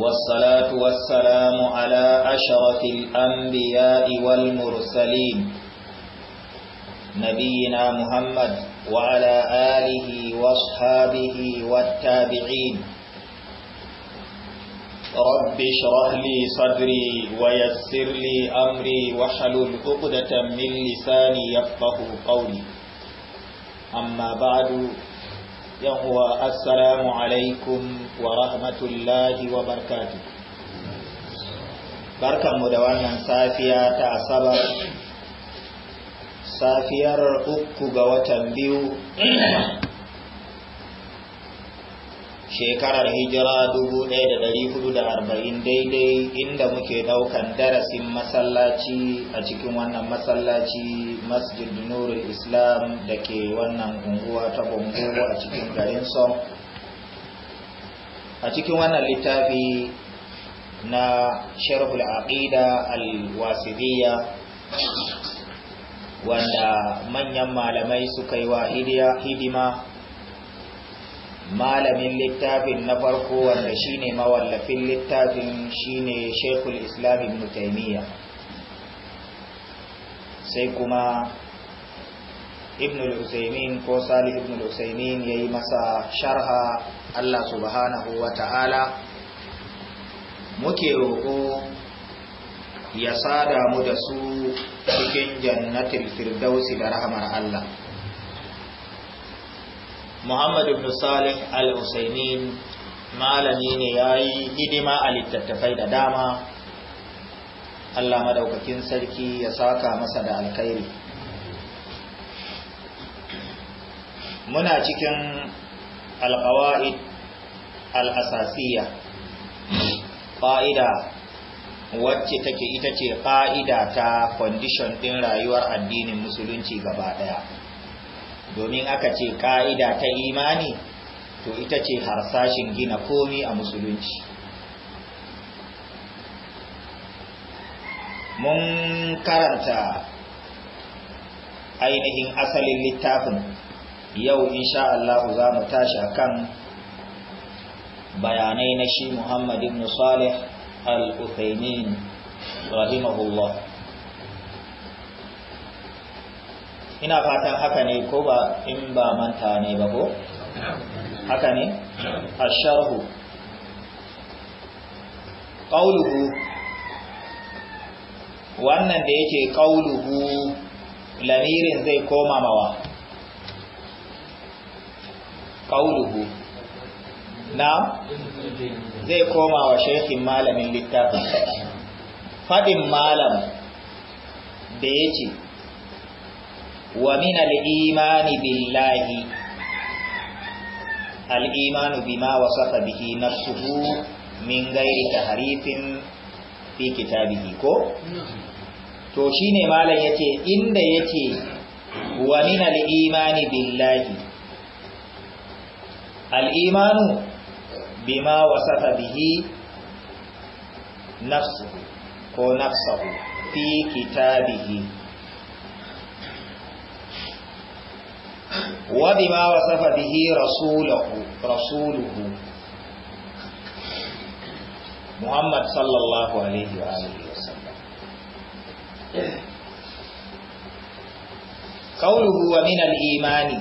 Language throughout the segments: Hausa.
والصلاة والسلام على أشرف الأنبياء والمرسلين نبينا محمد وعلى آله واصحابه والتابعين رب اشرح لي صدري ويسر لي أمري وحلل عقدة من لساني يفقه قولي أما بعد yan uwa assalamu alaikum wa rahmatullahi wa barkatu barkanmu da wannan safiya ta asabar safiyar uku ga watan biyu shekarar hijira 1440 daidai inda muke daukan darasin masallaci a cikin wannan masallaci masjid nurul islam da ke wannan unguwa ta bongogo a cikin garin son a cikin wannan littafi na sharhul aqida al-wasidiyya wanda manyan malamai suka yi wa hidima malamin littafin na farko wanda shine mawallafin littafin shine Sheikhul Islam Ibn Taymiyyah sai kuma Ibn al-Usaymin ko Salih Ibn al-Usaymin yayi masa sharha Allah subhanahu wa ta'ala muke roƙo ya sada mu da su cikin jannatin firdausi da rahmar Allah Muhammad ibn Salih al-Usaimin malami ne ya yi hidima a littattafai da dama Allah madaukakin sarki ya saka masa da alkhairi muna cikin alƙawa'id al'asasiya Fa'ida wacce take ita ce ƙa'ida ta kwandishon ɗin rayuwar addinin musulunci gaba ɗaya domin aka ce ka'ida ta imani to ita ce harsashin gina komi a musulunci mun karanta ainihin asalin littafin yau insha Allah za mu tashi kan bayanai na shi Muhammadu ibn al-Uthaymin rahimahullah ina fatan haka ne ko ba in ba manta ne ba ko haka ne asharhu qauluhu wannan da yake qauluhu lamirin zai koma mawa qauluhu na zai koma wa shekin malamin littafin fadin malam da yake wa min al-imani billahi al-imanu bima wasafa bihi nafsuhu min ghairi tahrifin fi kitabihi ko to shine malam yace inda yace wa min al-imani billahi al-imanu bima wasafa bihi nafsuhu ko nafsuhu fi kitabihi wa bima wasafa bihi rasuluhu rasuluhu Muhammad sallallahu alaihi wa alihi wasallam qawluhu wa min al-imani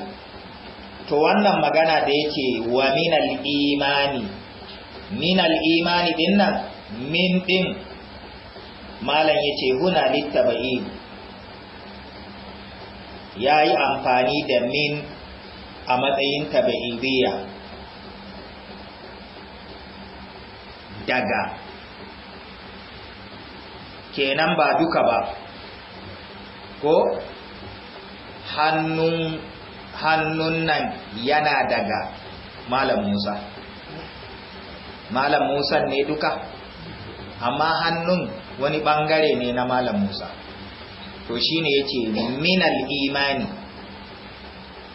to wannan magana da yake wa min al-imani min al-imani dinnan min din malam yace huna littaba'i ya yi amfani da min a matsayin tabi'iriya daga kenan ba duka ba ko hannun hannun nan yana daga malam musa malam musa ne duka amma hannun wani bangare ne na malam musa to shine yace minal imani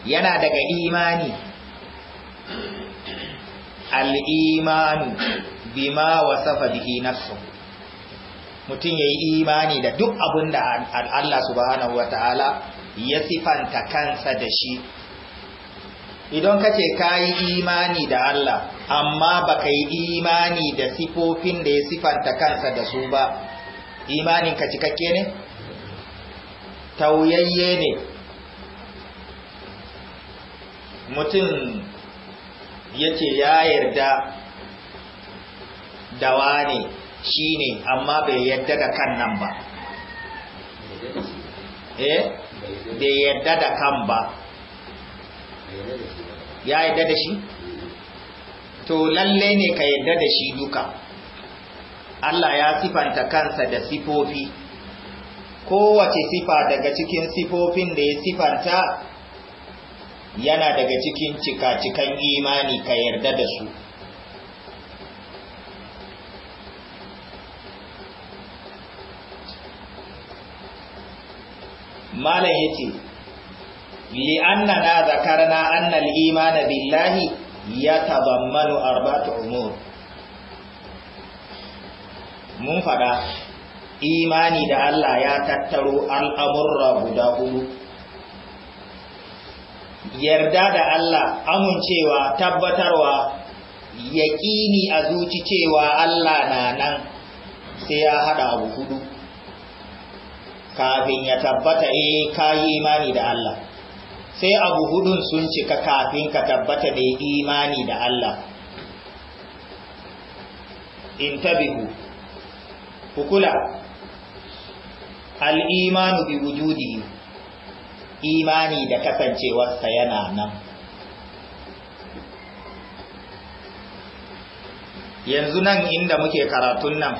yana daga imani al bima wasafa bihi nafsu mutum yayi imani da duk abunda da Allah subhanahu wataala ya sifanta kansa da shi idan kace kayi imani da Allah amma baka yi imani da sifofin da ya sifanta kansa da su ba imanin ka cikakke ne tauyayye ne mutum ya ce ya yarda dawa ne shi ne amma bai yarda da kan nan ba eh bai yarda da kan ba ya yarda da shi to lalle ne ka yarda da shi duka Allah ya sifanta kansa da sifofi kowace sifa daga cikin sifofin da ya sifanta yana daga cikin cika-cikan imani ka yarda da su malam yace li'annana zakarna anna annal imana billahi ya manu arba ta umur mun fada imani da Allah ya tattaro al'amurra guda hudu yarda da Allah amincewa tabbatarwa yaƙini a zuci cewa Allah na nan sai ya haɗa abu hudu kafin ya tabbata eh kayi imani da Allah sai abu hudun sun cika kafin ka tabbata da imani da Allah In intabihu kukula al'imanu bi wujudi imani da kasancewarsa yana nan yanzu nan inda muke karatun nan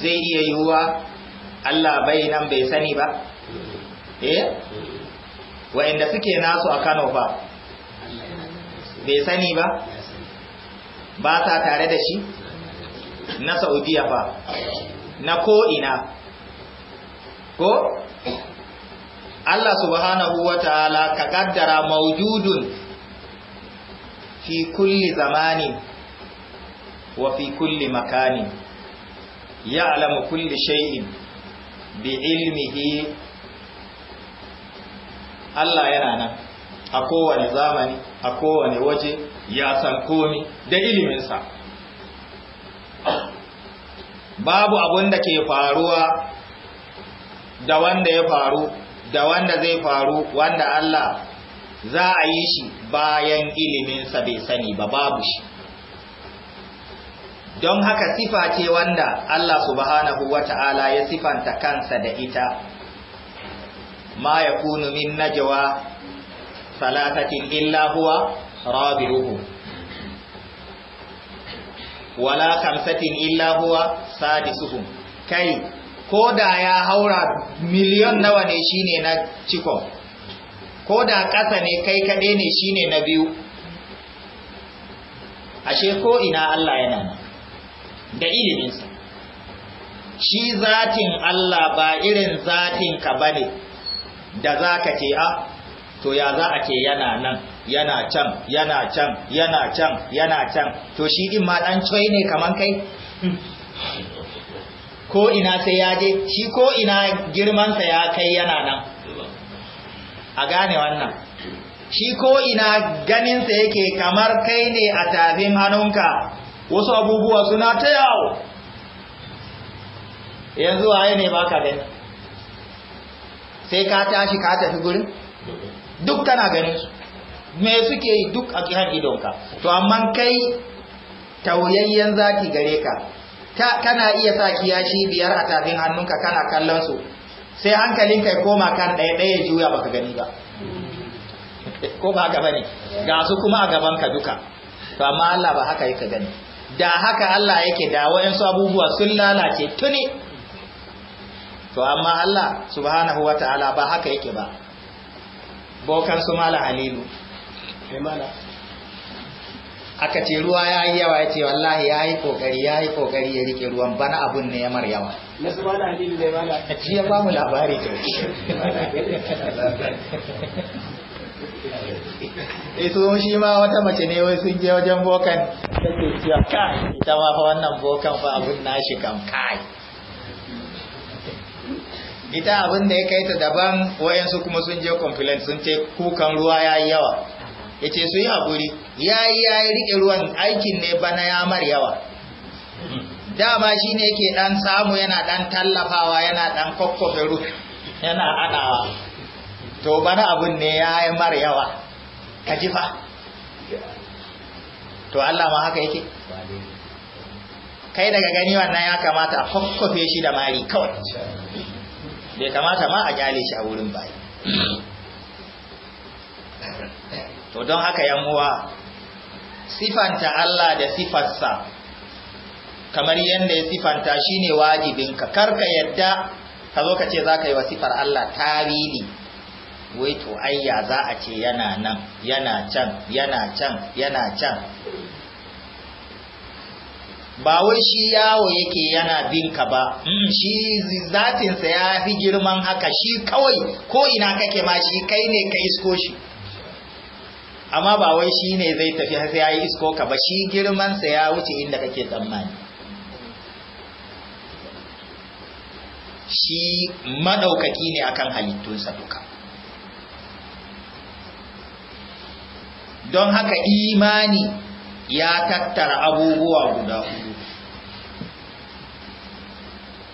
zai iya yiwuwa Allah bai nan bai sani ba eh wa'inda suke nasu a Kano ba bai sani ba ba ta tare da shi na saudiya ba na ko'ina ko Allah subhanahu wa ta'ala ka kaddara maududun. fi kulli zamani wa fi kulli makani ya'lamu kulli shay'in bi ilmihi Allah yana nan a kowane zamani a kowane waje ya san komi da iliminsa babu abun da ke faruwa da wanda ya faru da wanda zai faru wanda Allah za a yi shi bayan iliminsa bai sani ba babu shi don haka sifa ce wanda Allah subhanahu wata'ala ya sifanta kansa da ita ma yakunu min najwa salatatin illa huwa rabi'uhum wala kamsatin illa huwa sadisuhum kai ko da ya haura miliyon nawa ne shine na cikon ko da ƙasa ne kai kaɗai ne shine na biyu ashe ko ina Allah yana nan da iliminsa shi zatin Allah ba irin zatin ka bane da ka ce a ah, to ya za a ke yana nan yana can yana can yana can yana can to shi din ma dan coyi ne kaman kai ko ina sai ya je shi ko ina girmansa ya kai yana nan a gane wannan shi ko ina ganinsa yake kamar kai ne a tafin hannunka wasu abubuwa suna ta yawo yanzu waye ne baka gani sai ka tashi ka tafi gurin duk kana ganin su me suke yi duk a kiran idonka to amma kai tauyayyen zaki gare ka kana iya sa kiyashi biyar a tafin hannunka kana kallon su sai hankalin kai koma kan ɗaya ɗaya juya baka gani ba ko ba gaba bane ga su kuma a gaban ka duka to amma Allah ba haka yake gani da haka Allah yake da wayansu abubuwa sun lalace tuni to amma Allah subhanahu wataala ba haka yake ba bokan su mala halilu aka ce ruwa ya yi yawa ya ce wallahi ya yi kokari ya yi kokari ya rike ruwan bana abun ne ya mar yawa na su mana halilu zai mana a ciye ba mu labari ta e su shi ma wata mace ne wai sun je wajen bokan ta ke cewa kai ita ma fa wannan bokan fa abun nashi kam kai ita abun da ya kai ta daban wayansu kuma sun je complaint sun ce kukan ruwa ya yi yawa ya ce su yi haƙuri ya yi ya yi riƙe ruwan aikin ne bana ya mar yawa dama shi ne ke ɗan samu yana ɗan tallafawa yana ɗan kwakwafe rufi yana haɗawa to bana abin ne ya yi mar yawa ka ji fa to Allah ma haka yake kai daga gani wannan ya kamata a kwakwafe shi da mari kawai bai kamata ma a gyale shi a wurin bayi to don haka yamuwa sifanta Allah da sifarsa kamar yadda ya sifanta shine wajibinka karka yadda ka zo ka ce za ka yi wa sifar Allah tarihi wai to ayya za a ce yana nan yana can yana can yana can ba wai shi yawo yake yana bin ka ba mm, shi zatinsa ya fi girman haka shi kawai ko ina kake ma shi kai ne ka isko shi amma ba wai shi ne zai tafi sai ya yi isko ka ba shi girmansa ya wuce inda kake tsammani shi maɗaukaki ne akan halittunsa duka don haka imani ya tattara abubuwa guda hudu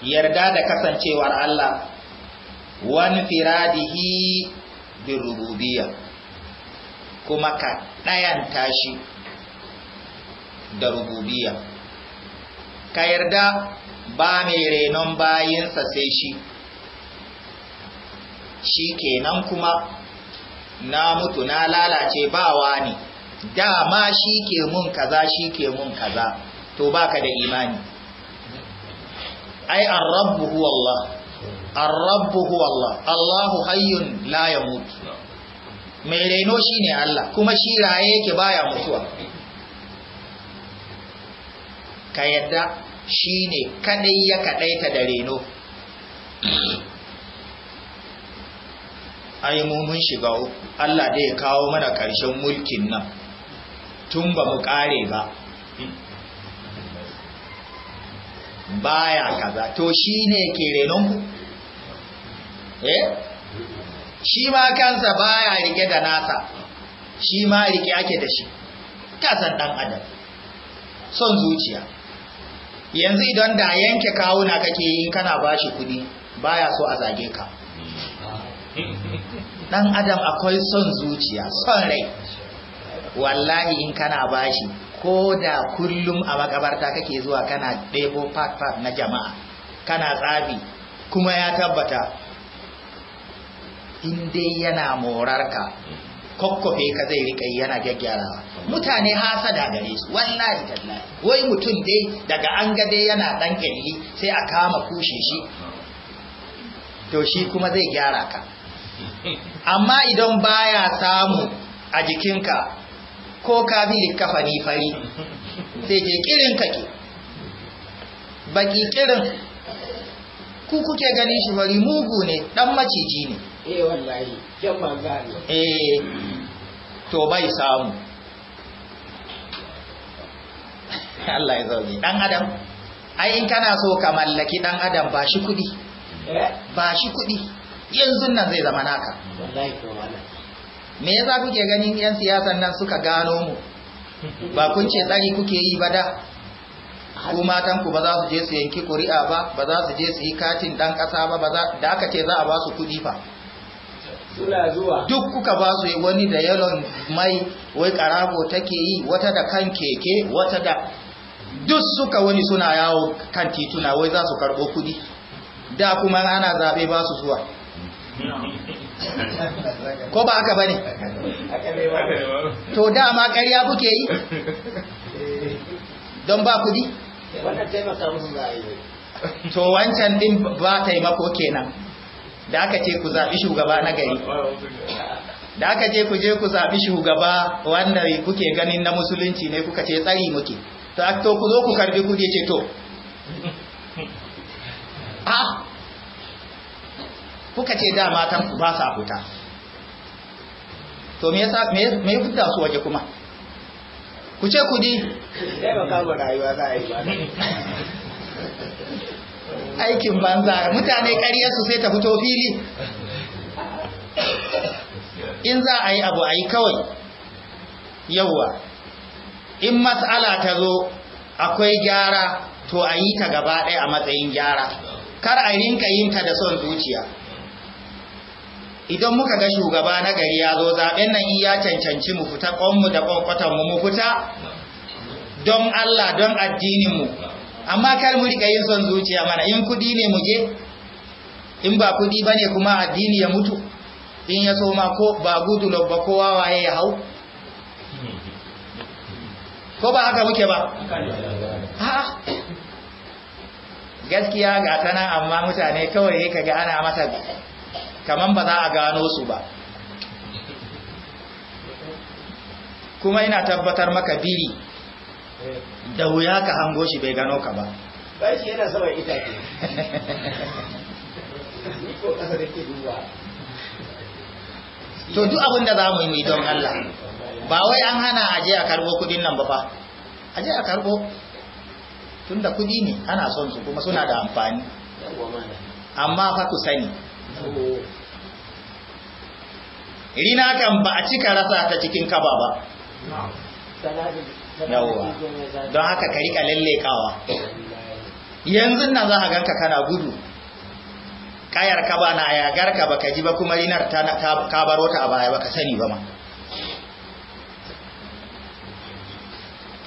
yarda da kasancewar Allah wani firadihi bin kuma ka ɗayan tashi da rububiya ka yarda ba mai renon bayansa sai shi shi kenan kuma na mutu na lalace bawa ne dama shi ke mun kaza shi ke mun kaza to baka da imani ai an rabbu huwa Allah an rabbu huwa Allah Allahu hayyun la ya mutu? mai reno shine Allah kuma shi raye yake baya mutuwa ka yadda shine kadai ya kaɗaita da reno ai mu mun shiga Allah da ya kawo mana karshen mulkin nan tun ba mu kare ba baya kaza to shine ke renon eh shi ma kansa baya rike da nasa shi ma rike ake da shi kasan dan adam son zuciya yanzu idan da yanke kawuna kake yi kana bashi kudi baya so a zage ka dan adam akwai son zuciya son rai wallahi in kana bashi ko da kullum a makabarta kake zuwa kana ɗebo fat-fat na jama'a kana tsabi kuma ya tabbata in dai yana morar ka kokkofe ka zai rika yana gyaggyarawa mutane hasada gare su wallahi tallahi wai mutum dai daga an ga dai yana dan kelli sai a kama kushe shi to shi kuma zai gyara ka amma idan baya samu a jikinka ko ka bi likafani fari sai ke kirin ke, baki kirin ku kuke ganin shi fari mugu ne dan maciji ne eh wallahi kyan manzan eh, to bai samu Allah ya zaune dan adam ai in kana so ka mallaki dan adam ba shi kudi eh? ba shi kudi yanzu nan zai zama naka me yasa kuke ganin yan siyasan nan suka gano mu ba kun ce tsari kuke yi ba da ku matan ku ba za su je su yanki kuri'a ba ba za su je su yi katin dan kasa ba ba da aka ce za a ba su kudi fa duk kuka ba su wani da yalon mai wai karago take yi wata da kan keke wata da duk suka wani suna yawo kan tituna wai za su karbo kudi da kuma ana zabe ba su zuwa ko ba aka bane to dama ƙarya kuke yi don ba kudi to wancan din ba taimako kenan da aka ce ku zaɓi shugaba na gari da aka je ku je ku zaɓi shugaba wanda kuke ganin na musulunci ne kuka ce tsari muke ta to ku zo ku karbi kuke ce to a kuka ce dama matan ku ba sa fita to me ya me fita su waje kuma ku ce kudi rayuwa aikin banza mutane ƙaryarsu sai ta fito fili in za a yi abu a yi kawai yauwa in matsala ta zo akwai gyara to a yi ta gaba ɗaya a matsayin gyara kar a rinka yin ta da son zuciya idan muka ga shugaba na gari ya zo zaɓen nan iya ya cancanci mu fita ƙonmu da ƙwanƙwatanmu mu fita don Allah don addininmu amma kar mu rika yin son zuciya mana in kuɗi ne mu je in ba kudi bane kuma addini ya mutu in ya so ma ko ba gudu ba kowa waye ya hau ko ba haka muke ba ha gaskiya ga tana amma mutane kawai kaga ana mata kaman ba za a gano su ba kuma ina tabbatar maka biri da wuya ka hango shi bai gano ka ba bai shi yana saman itace ni ko kasa da ke duba to duk abin da za mu yi don Allah ba wai an hana aje a karbo kudin nan ba fa aje a karbo tunda kudi ne ana son su kuma suna da amfani amma fa ku sani rina kan ba a cika rasa ta cikin kaba ba yawwa don haka ka rika lallekawa yanzu nan za a ganka kana gudu kayar ka ba na yagar ka baka ji ba kuma rinar ta ka baro ta a baya baka sani ba ma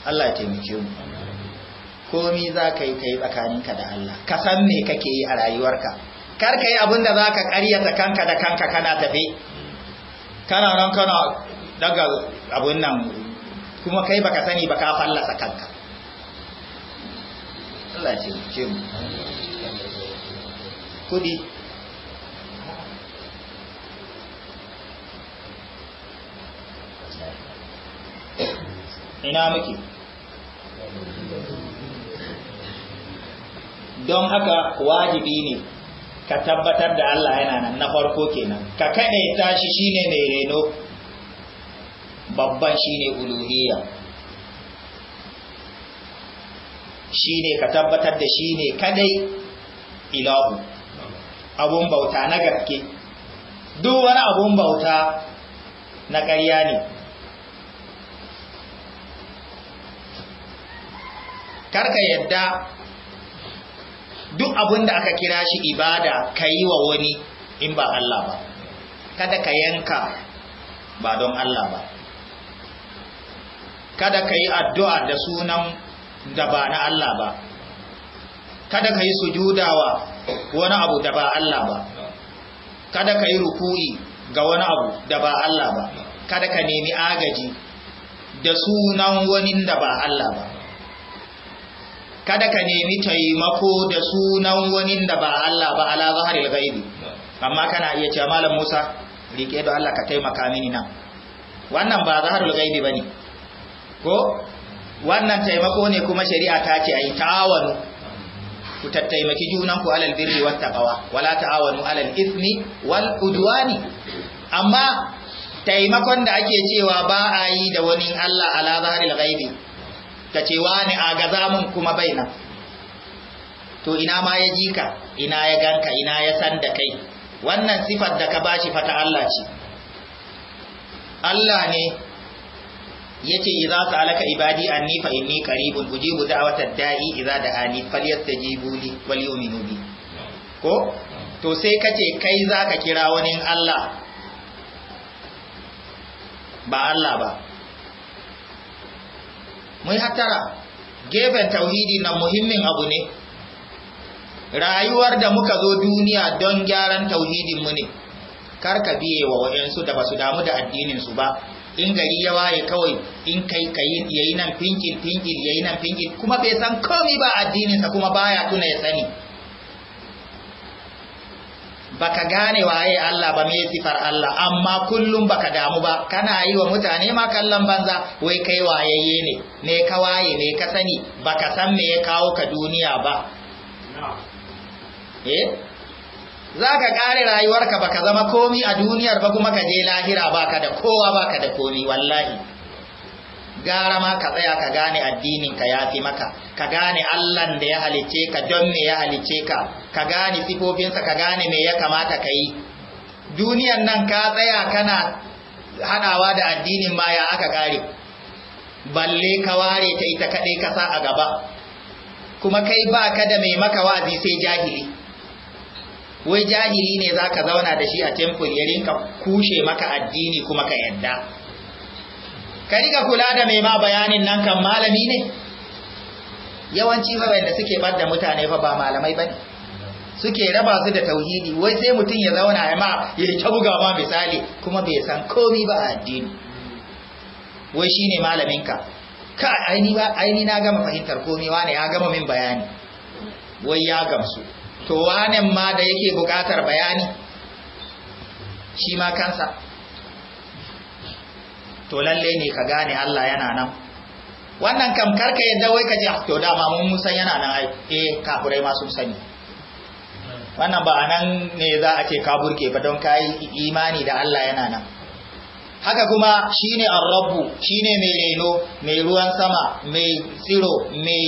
Allah ya taimake mu komai za ka yi ka yi tsakaninka da Allah ka san me kake yi a rayuwarka kar ka yi abin da za ka karyata kanka da kanka kana tafe kana nan kana daga abin nan kuma kai baka sani ba ka fallasa kanka Allah ce ce mu kudi ina muke don haka wajibi ne ka tabbatar da Allah yana nan na farko kenan ka sa shi shine mai reno babban shine uluhiyya shine ka tabbatar da shine kadai ilahu abun bauta na gaske duk wani abun bauta na ƙarya ne karka yadda duk abun da aka kira shi ibada ka yi wa wani in ba Allah ba kada ka yanka ba don Allah ba kada ka yi addu'a da sunan da ba na Allah ba kada ka yi sujudawa wani abu da ba Allah ba kada ka yi ruku'i ga wani abu da ba Allah ba kada ka nemi agaji da sunan wani da ba Allah ba kada ka nemi taimako da sunan wani da ba Allah ba ala zaharil gaibi amma kana iya ce, malam Musa riƙe da Allah ka taimaka mini nan wannan ba zaharul gaibi ne. ko wannan taimako ne kuma shari'a ta ce ayi ta'awanu ku tattaimaki junanku alal birri wat taqwa wala ta'awanu alal ismi wal udwani amma taimakon da ake cewa ba a yi da wani Allah ala zahiril ghaibi ta ce wani a gaza mun kuma baina to ina ma ya ji ka ina ya ganka ina ya san da kai wannan sifar da ka bashi fata Allah ce Allah ne yace idza sa'alaka ibadi anni fa inni qaribun ujibu da'watad da'i idza da'ani falyastajibu li wal yu'minu bi ko to sai kace kai zaka kira wani Allah ba Allah ba mun hatara gefen tauhidi na muhimmin abu ne rayuwar da muka zo duniya don gyaran tauhidin mu ne kar ka biye wa wayansu da basu damu da addinin su ba in gari ya waye kawai in kai kai yayi nan finkil finkil yayi nan finkil kuma bai san komai ba sa, kuma baya tuna ya sani baka gane waye Allah ba me sifar Allah amma kullum baka damu ba kana yi wa mutane ma kallon banza wai kai wayayye ne me ka waye me ka sani baka san me ya kawo ka duniya ba eh za ka ƙare rayuwarka ka zama komi a duniyar ba kuma ka je lahira ba ka da kowa ba ka da komi wallahi gara ma ka tsaya ka gane addinin ya fi maka ka gane allan da ya halice ka don me ya halice ka ka gane sifofinsa ka gane me ya kamata ka yi duniyan nan ka tsaya kana haɗawa da addinin ma ya aka kare. balle ka ware ta ita kaɗai ka sa a gaba kuma kai ba ka da mai maka wa'azi sai jahili wai jahili ne za ka zauna da shi a temple ya rinka kushe maka addini kuma ka yadda ka riga kula da mai ma bayanin nan kan malami ne yawanci da suke bar da mutane fa ba malamai ba ne suke raba su da tauhidi wai sai mutum ya zauna ya ma ya ta buga ma misali kuma bai san komi ba a addini wai shine malaminka ka aini ba aini na gama fahimtar komi ne ya gama min bayani wai ya gamsu to wanen ma da yake bukatar bayani shi ma kansa to lalle ne ka gane Allah yana nan wannan kam karka yadda wai ka ji ah, to ma mun san yana nan ai eh kafurai ma sun sani wannan ba nan ne za a ce ka burke ba don kayi imani da Allah yana nan haka kuma shine ar-rabbu shine mai reno mai ruwan sama mai tsiro mai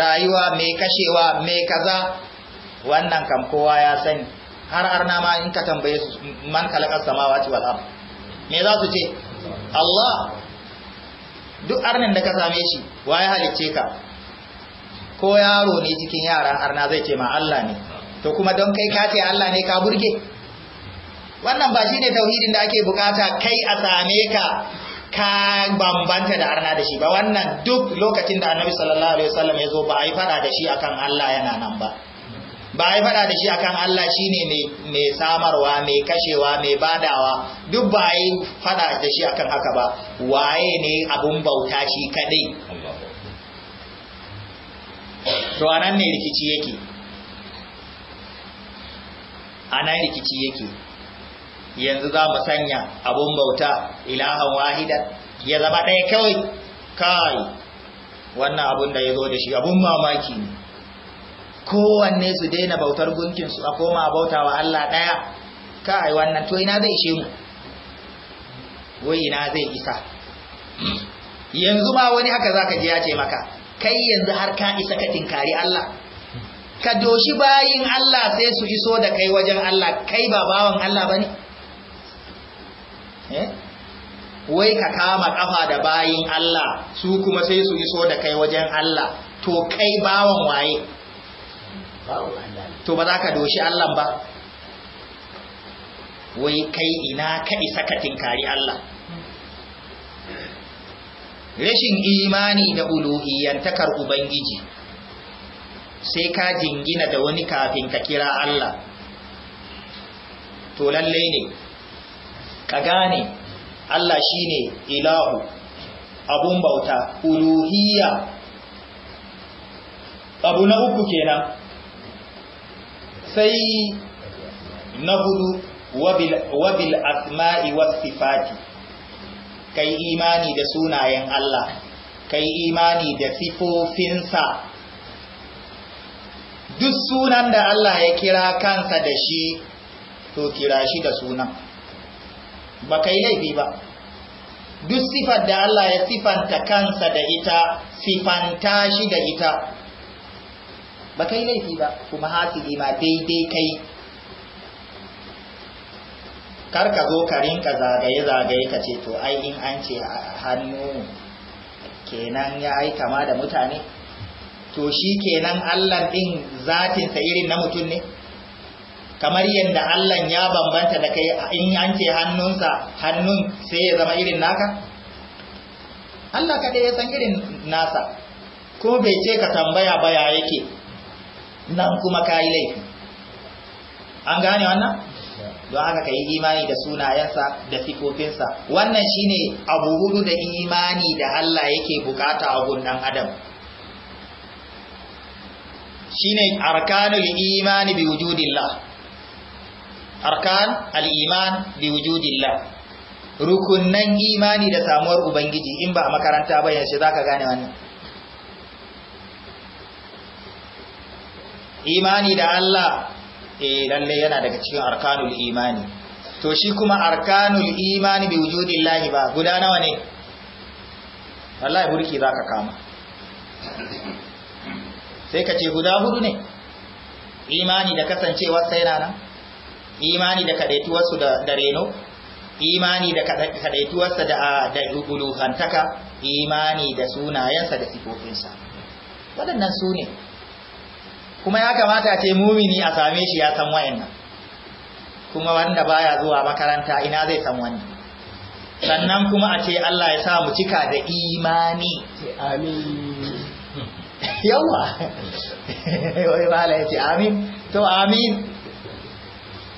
rayuwa mai kashewa mai kaza wannan kam kowa ya sani har arna ma in ka tambaye su man kalakar samawati wal ard me za su ce Allah duk arnin da ka same shi wa ya halicce ka ko yaro ne cikin yaran arna zai ce ma Allah ne to kuma don kai ka ce Allah ne ka burge wannan ba shi ne tauhidin da ake bukata kai a same ka ka bambanta da arna da shi ba wannan duk lokacin da annabi sallallahu alaihi wasallam ya zo ba a yi fada da shi akan Allah yana nan ba ba yi faɗa da shi akan Allah shi ne mai samarwa mai kashewa mai badawa duk ba yi faɗa da shi akan haka ba waye ne abun bauta shi kaɗai to nan ne rikici yake A nan rikici yake yanzu za mu sanya abun bauta ilahan wahidar? ya zama ɗaya kawai kai wannan abun da ya zo da shi abun mamaki ne kowanne su daina bautar gunkinsu a koma bauta wa Allah ɗaya kai wannan to ina zai ishe mu wai ina zai isa yanzu ma wani haka zaka ji ya ce maka kai yanzu har ka isa ka tinkari Allah ka doshi bayin Allah sai su iso da kai wajen Allah kai ba bawan Allah bane eh wai ka kama kafa da bayin Allah su kuma sai su iso da kai wajen Allah to kai bawan waye to ba za ka doshi Allah ba wai kai ina ka isa ka tinkari Allah rashin imani da uluhiyantakar ubangiji sai ka jingina da wani kafin ka kira Allah to lalle ne ka gane Allah shine ilahu abun bauta uluhiyya abu na uku kenan sai na hudu wabil asma'i wasifati sifati kai imani da sunayen Allah kai imani da sifofinsa duk sunan da Allah ya kira kansa da shi to kira shi da sunan ba kai laifi ba duk sifar da Allah ya sifanta kansa da ita sifanta shi da ita ba kai laifi ba kuma hasidi ma daidai kai kar ka zo ka rinka zagaye-zagaye ka ce to ai in an ce hannu kenan ya ai kama da mutane to shi kenan allah ɗin zatinsa irin na mutum ne kamar yadda allah ya bambanta da kai in an ce hannunsa hannun sai ya zama irin naka allah kaɗai ya san irin nasa kuma bai ce ka tambaya baya yake nan kuma ka yi laifi an gane wannan don haka ka yi imani da sunayensa da sifofinsa wannan shine abu hudu da imani da Allah yake bukata a gundan adam shine arkanul imani bi wujudillah arkan al-iman bi wujudillah rukunnan imani da samuwar ubangiji in ba makaranta ba yanzu zaka gane wannan imani da Allah eh lalle yana daga cikin arkanul imani to shi kuma arkanul imani bi wujudillahi ba guda nawa ne wallahi burki zaka kama sai ka ce guda hudu ne imani da kasancewar sai nan imani da su da, da reno imani da sa da da hantaka? imani da sunayensa da sifofinsa waɗannan su ne kuma ya kamata ce mumini a same shi ya san wayannan kuma wanda baya zuwa makaranta ina zai san wani? sannan kuma a ce Allah ya sa mu cika da imani amin yawa wai bala ya ce amin to amin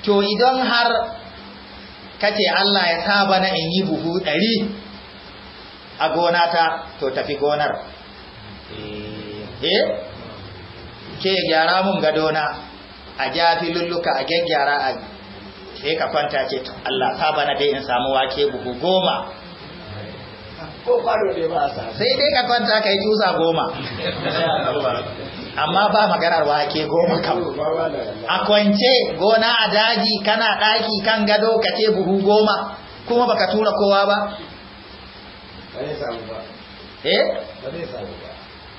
to idan har kace Allah ya saba na in yi buhu ɗari a gonata to tafi gonar eh, eh? ke gyara mun gadona a ja filulluka a gyaggyara a sai ka kwanta ce to Allah saba bana dai in samu wake buhu goma ko kwaro ne ba sa sai dai ka kwanta kai tusa goma amma ba maganar wake goma kam a kwance gona a daji kana daki kan gado ka ce buhu goma kuma baka tura kowa ba eh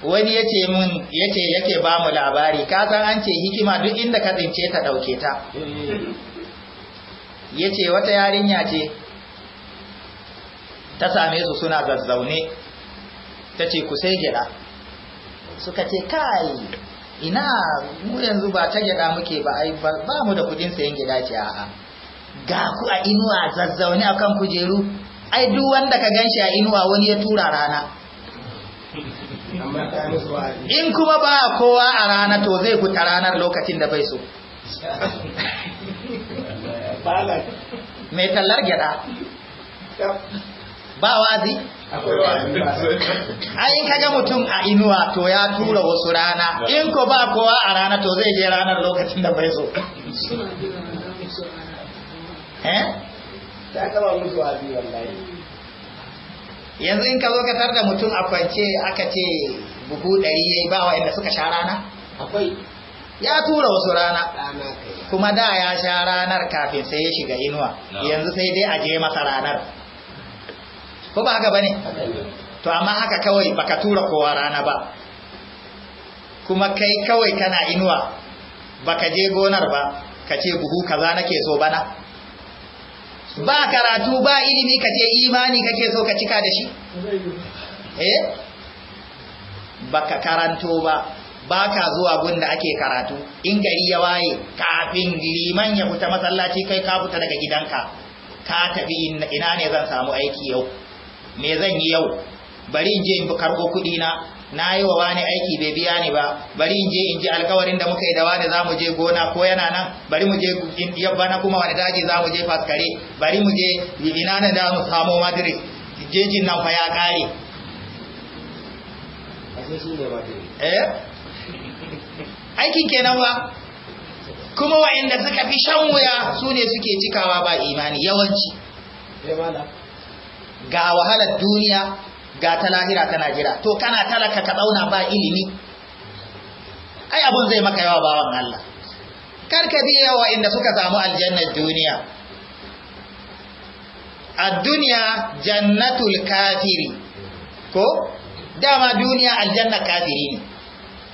wani yace mun yace yake ba mu labari ka san an ce hikima duk inda ka tsince ta ɗauke ta yace wata yarinya ce ta same su suna zazzaune tace ku sai gida suka ce kai ina mu yanzu ba ta gida muke ba ai ba mu da kudin sayan gida ce a'a ga ku a inuwa zazzaune akan kujeru ai duk wanda ka ganshi a inuwa wani ya tura rana in kuma ba kowa a rana to zai fita ranar lokacin da bai so mai tallar gyada ba wazi ai in kaga mutum a inuwa to ya tura wasu rana in ko ba kowa a rana to zai je ranar lokacin da bai so eh ta kama musu wazi wallahi yanzu in ka zo ka tarda mutum a kwance aka ce buhu ɗari ya yi ba inda suka sha rana akwai ya tura wasu rana kuma da ya sha ranar kafin sai ya shiga inuwa yanzu sai dai a je masa ranar ko ba haka ba ne to amma haka kawai baka tura kowa rana ba kuma kai kawai kana inuwa baka je gonar ba ka ce buhu kaza nake so bana ba karatu ba ilimi ka je imani kake so ka cika da shi eh baka karanto ba baka zuwa gunda ake karatu in gari ya waye kafin liman ya fita masallaci kai ka fita daga gidanka ka tafi ina ne zan samu aiki yau me zan yi yau bari in je in karɓo kuɗi na na yi wa wani aiki bai biya ni ba bari in je in ji alkawarin da muka yi da wani zamu je gona ko yana nan bari mu je yabba na kuma wani daji zamu je faskare bari mu je ina ne da mu samu madrid jejin nan fa ya kare eh aikin kenan ba kuma wa'anda suka fi shan wuya su ne suke cikawa ba imani yawanci eh, ga wahalar duniya ga ta lahira tana jira to kana talaka ka dauna ba ilimi ai abun zai maka yawa bawan Allah kar ka bi yawa inda suka samu aljanna duniya ad-dunya jannatul kafiri ko dama duniya aljannar kafiri ne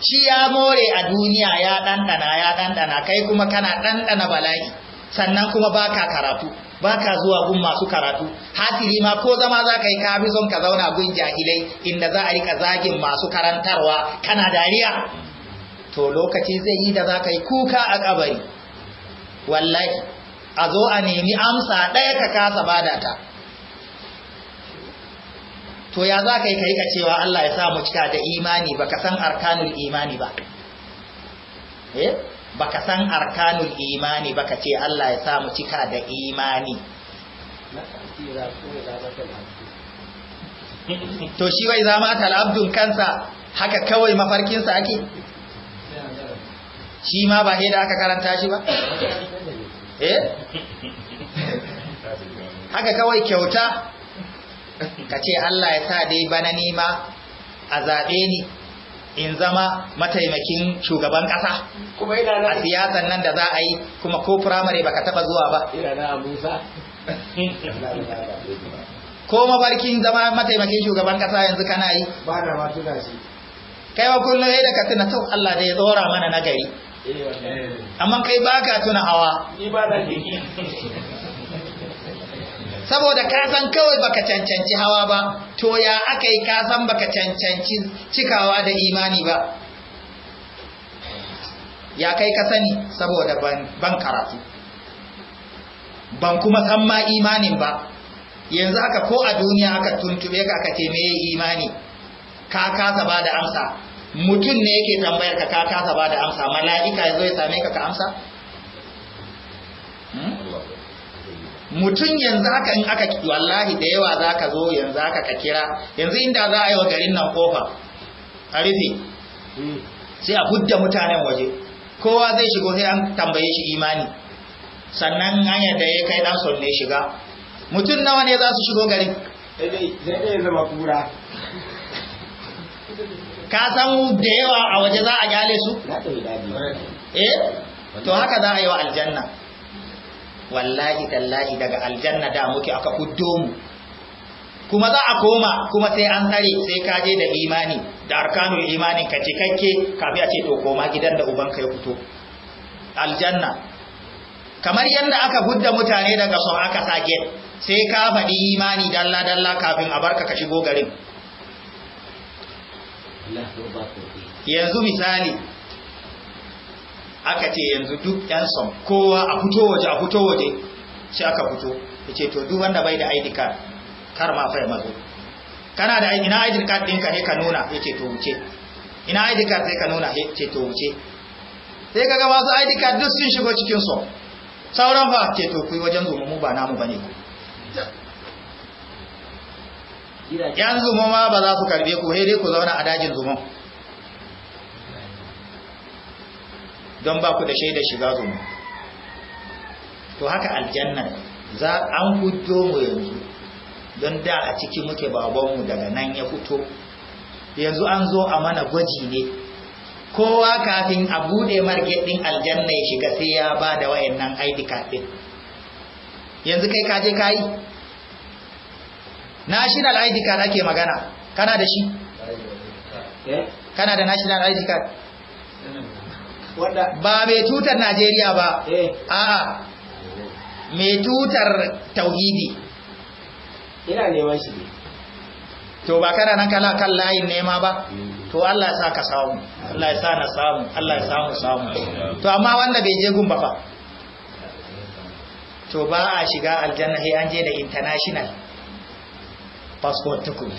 shi ya more a duniya ya dandana ya dandana kai kuma kana dandana bala'i sannan kuma baka karatu ba ka zuwa gun masu karatu hasili ma ko zama za ka yi kafi son ka zauna gun jahilai inda za a rika zagin masu karantarwa kana dariya to lokaci zai yi da za ka yi kuka a kabari wallahi a zo a nemi amsa ɗaya ka kasa ba da ta to ya za ka yi ka cewa Allah ya sa mu cika da imani ba ka san arkanul imani ba eh? baka san arkanul imani baka ce Allah ya sa mu cika da imani to shi wai zama talabdun kansa haka kawai mafarkinsa ake shi ma ba da aka karanta shi ba eh haka kawai kyauta ka ce Allah ya sa dai bana nima a zaɓe ni in zama mataimakin shugaban ƙasa a siyasan nan da za a yi kuma ko firamare baka taba zuwa ba ko mafarkin zama mataimakin shugaban ƙasa yanzu kana yi ba na masu gashi kai wa kullum da ka tuna to Allah da ya tsora mana na gari. Eh, amma kai baka tuna hawa saboda ka san kawai baka cancanci hawa ba to ya aka yi ka san baka cancanci cikawa da imani ba ya kai ka sani saboda ban karatu ban kuma san ma imanin ba yanzu aka ko a duniya aka tuntube ka aka taimaye imani ka kasa ba da amsa mutum ne yake tambayar ka ka kasa ba da amsa mala'ika ya zo ya same ka ka amsa mutum yanzu haka in aka wallahi da yawa za ka zo yanzu haka ka kira yanzu inda za a yi wa garin nan kofa a rufe hmm. sai a hudda mutanen waje kowa zai shigo sai an tambaye shi imani sannan an yadda ya kai dan son ne shiga mutum nawa ne za su shigo garin ka san da yawa a waje za a gyale su eh to haka za a yi wa aljanna wallahi tallahi daga aljanna da muke aka fuddo mu kuma za a koma kuma sai an tsare sai ka je da imani da arkanul imanin ka cikakke kafin a ce to koma gidan da uban ka ya fito aljanna kamar yadda aka hudda mutane daga son aka get sai ka faɗi imani dalla dalla kafin a barka ka shigo garin yanzu misali aka ce yanzu duk yan son kowa a fito waje a fito waje sai aka fito ce to duk wanda bai da ID card kar ma fa ya mazo kana da ina ID card ɗinka ne ka nuna ce to wuce ina ID card sai ka nuna ce to wuce sai kaga masu ID card duk sun shigo cikin son sauran fa ce to kuyi wajen zuma mu ba namu bane ku yanzu mu ma ba za su karbe ku sai dai ku zauna a dajin zuman don ba ku da shaida shiga zuwa to haka aljanna za an fito mu yanzu don da a ciki muke babanmu daga nan ya fito yanzu an zo a mana gwaji ne kowa kafin a bude marge ɗin aljanna ya shiga sai ya ba da wayannan ID card din yanzu kai kaje kai national ID card ake magana kana da shi eh? kana da national ID card ba mai tutar najeriya ba eh. a mai tutar tauhidi ina neman shi to ba kana nan kala kan layin nema ba mm. to Allah ya sa ka samu Allah ya sa na samu Allah ya samu samu mm. to amma wanda bai je gun ba fa to ba a shiga aljanna sai an je da international passport tukun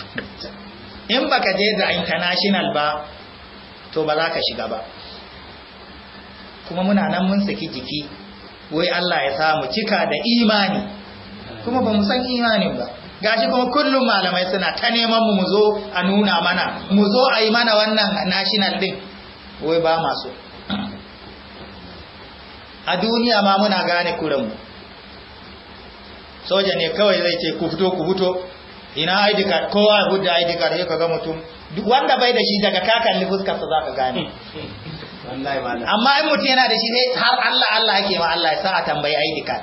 in baka je da international ba to ba za ka shiga ba kuma muna nan mun saki jiki wai Allah ya samu cika da imani kuma ba mu san imanin ba gashi kuma kullum malamai suna ta neman mu zo a nuna mana mu zo a yi mana wannan national din wai ba masu a duniya ma muna gane mu. soja ne kawai zai ce ku fito ku fito ina ID card kowa ya hudda ID card sai kaga mutum wanda bai da shi daga ka kalli fuskarsa zaka gane amma in mutum yana da shi sai har Allah Allah ake ma Allah ya sa a tambayi ID card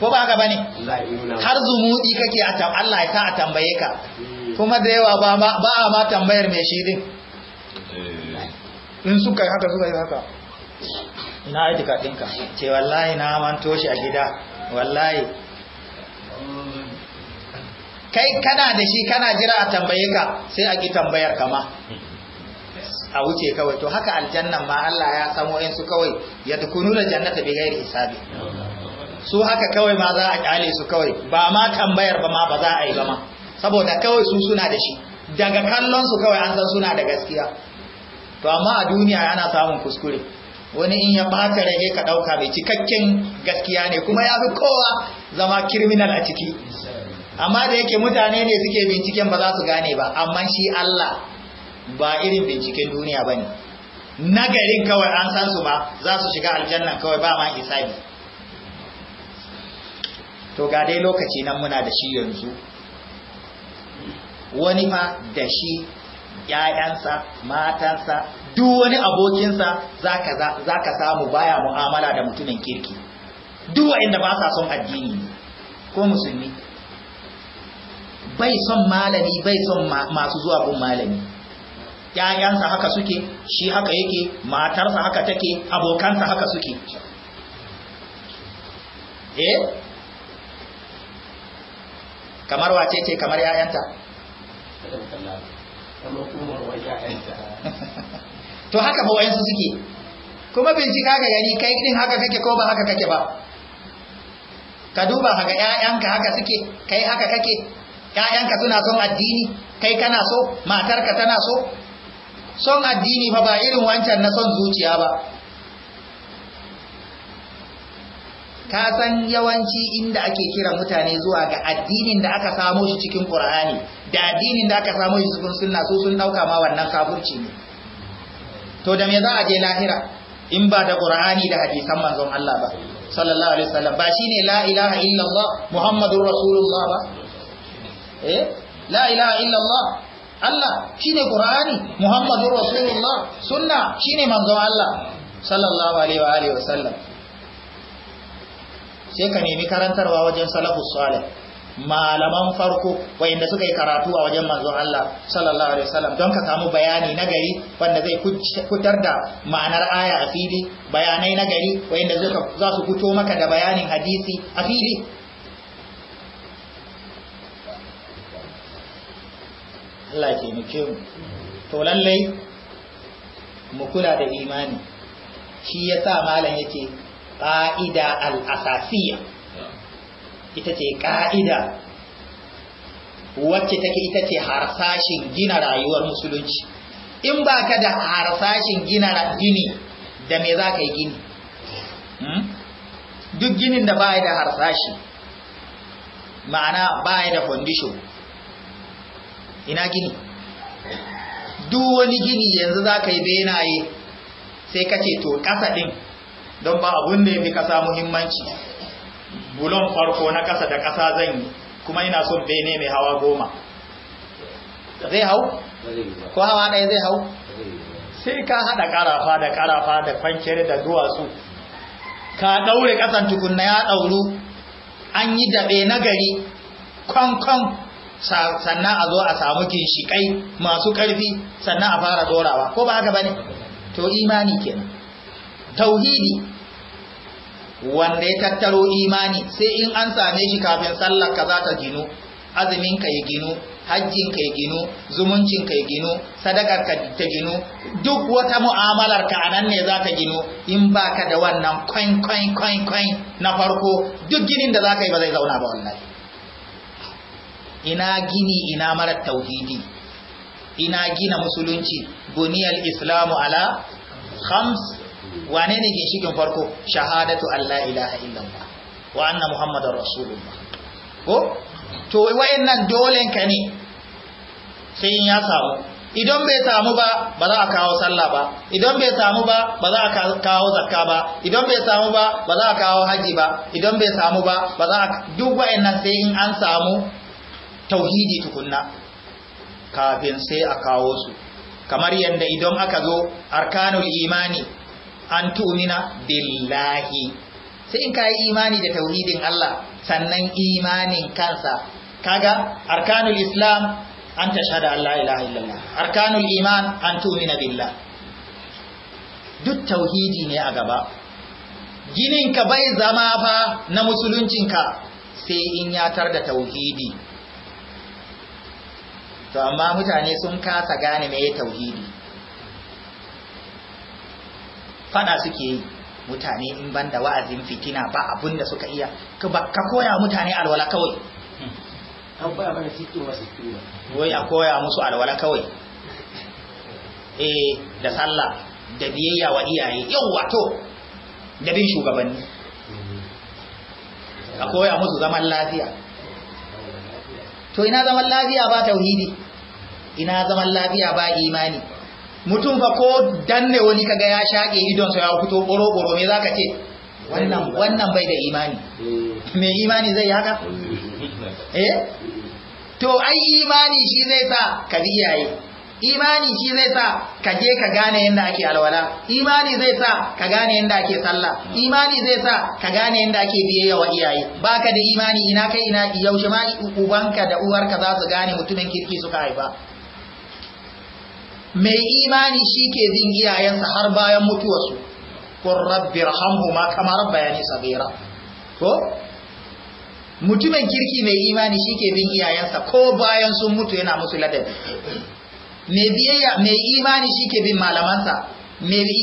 ko ba ka bane har zumudi kake a tambayi? Allah ya sa a tambaye ka kuma da yawa ba ma ba ma tambayar me shi din eh. in suka yi haka suka yi haka ina ID card ɗinka ce wallahi na manto shi a gida wallahi kai kana da shi kana jira a tambaye ka sai a ki tambayar kama a wuce kawai to haka aljannan ma Allah ya samu su kawai ya tukunu da jannata bi gairi hisabi su haka kawai ma za a kyale su kawai ba ma tambayar ba ma ba za a yi ba ma saboda kawai su suna da shi daga kallon su kawai an san suna da gaskiya to amma a duniya ana samun kuskure wani in ya baka rage ka ɗauka, mai cikakken gaskiya ne kuma ya fi kowa zama kirminal a ciki amma da yake mutane ne suke binciken ba za su gane ba amma shi Allah ba irin binciken duniya ba ne nagarin kawai an san su ba za su shiga aljanna kawai ba ma hisabi to ga dai lokaci nan muna da shi yanzu wani fa da shi ‘ya'yansa, matansa, duk wani abokinsa za ka samu baya mu'amala da mutumin kirki, duk inda ba sa son addini ko musulmi, bai son malami bai son masu zuwa bin malami. Ya'yansa haka suke shi haka yake matarsa haka take abokansa haka suke eh kamar wace ce kamar ya'yanta. to haka ba wayansu suke kuma bincika ga gari kai din haka kake ko ba haka kake ba ka duba haka ya'yanka haka suke kai haka kake ya'yanka suna son addini kai kana so matarka tana so son addini fa ba irin wancan na son zuciya ba ka san yawanci inda ake kira mutane zuwa ga addinin da aka samo shi cikin Qur'ani da addinin da aka samo shi cikin sunna su sun dauka ma wannan kafirci ne to da me za a je lahira in ba da Qur'ani da hadisan manzon Allah ba sallallahu alaihi wasallam ba shine la ilaha illallah muhammadur rasulullah ba eh la ilaha illallah Allah shi shine Qur'ani muhammadu Rasulullah sunna ne manzon Allah sallallahu alaihi wa alihi sai ka nemi karantarwa wajen salafu salih malaman farko wanda suka yi karatu a wajen manzon Allah sallallahu alaihi wasallam don ka samu bayani na gari wanda zai fitar da ma'anar aya a fili bayanai na gari wayanda za su fito maka da bayanin hadisi a fili Allah ke muke mu to lallai mu kula da imani shi ya sa malam yake ƙa'ida al'asasiya. ita ce ƙa'ida wacce take ita ce harsashin gina rayuwar musulunci in ba ka da harsashin gina gini da me za ka yi gini hmm? duk ginin da baya da harsashi ma'ana baya da condition ina gini duk wani gini yanzu za ka yi benaye sai ka ce to ƙasa ɗin don ba abun da ya fi ƙasa muhimmanci bulon farko na ƙasa da ƙasa zan yi kuma ina son bene mai hawa goma zai hau ko hawa ɗaya zai hau sai ka haɗa ƙarafa da ƙarafa da kwanciyar da duwatsu ka ɗaure ƙasan tukunna ya ɗauru an yi daɓe na gari kwankwan sannan a zo a samu ginshiƙai masu ƙarfi sannan a fara ɗorawa ko ba haka ba ne to imani kenan tauhidi wanda ya tattaro imani sai in an same shi kafin sallar ka za ta ginu azumin ka ya ginu hajjin ka ya ginu zumuncin ka ya ginu sadakar ka ta ginu duk wata mu'amalar ka nan ne za ka ginu in ba ka da wannan kwain kwain kwain kwain na farko duk ginin da za ka yi ba zai zauna ba wallahi ina gini ina mara tauhidi ina gina musulunci buniyal islamu ala khams wane ne ginshikin farko shahadatu Allah ilaha illallah wa anna muhammadar rasulullah ko to nan dolen ka ne sai ya samu idan bai samu ba ba za a kawo sallah ba idan bai samu ba ba za a kawo zakka ba idan bai samu ba ba za a kawo haji ba idan bai samu ba ba za a duk wayannan sai in an samu tauhidi tukunna kafin sai a kawo su kamar yadda idan aka zo arkanul imani an tumina billahi sai in kai imani da tauhidin Allah sannan imanin kansa kaga arkanul islam an tashhada Allah ilaha illallah arkanul iman an tumina billah duk tauhidi ne a gaba ginin ka bai zama fa na musuluncinka sai in yatar da tauhidi to amma mutane sun kasa gane mai tauhidi fada suke yi mutane in banda wa'azin fitina ba abin da suka iya ka koya mutane alwala kawai wai a koya musu alwala kawai e da sallah da biyayya wa iyaye yau wato da bin shugabanni a koya musu zaman lafiya to ina zaman lafiya ba tauhidi ina zaman lafiya ba imani mutum fa ko danne wani kaga ya shaƙe idonsa ya fito boro-boro me za ka ce wannan bai da imani eh. mai imani zai haka eh to ai imani shi zai sa ka bi iyaye imani shi zai sa ka je ka gane yadda ake alwala imani zai sa ka gane yadda ake sallah imani zai sa ka gane yadda ake biyayya wa iyaye baka da imani ina kai ina yaushe ma ubanka da uwarka za su gane mutumin kirki suka haifa mai imani shi ke jin iyayensa har bayan mutuwarsu kun rabbi ma kamar bayani sabira ko mutumin kirki mai imani shi ke bin iyayensa ko bayan sun mutu yana musu ladabi mai biyayya mai imani shi ke bin malamansa mai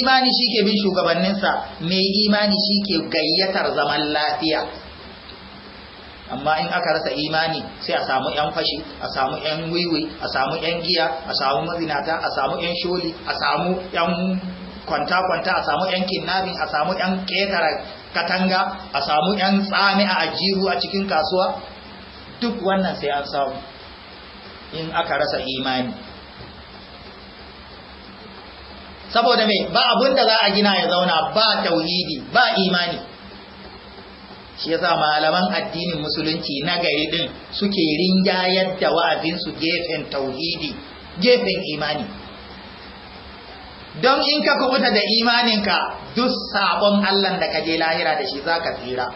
imani shi ke bin shugabanninsa mai imani shi ke gayyatar zaman lafiya amma in aka rasa imani sai a samu yan fashi a samu yan wiwi a samu yan giya a samu mazinata a samu yan sholi a samu yan kwanta-kwanta a samu yan kinnabi a samu yan ketara katanga a samu yan tsami a ajiru a cikin kasuwa duk wannan sai an samu in aka rasa imani saboda mai ba abun da za a gina ya zauna ba tauhidi ba imani shi yasa malaman addinin musulunci na gari din suke ringayar da su gefen tauhidi gefen imani don in ka kubuta da imaninka duk sabon Allah da kaje lahira da shi zaka tsira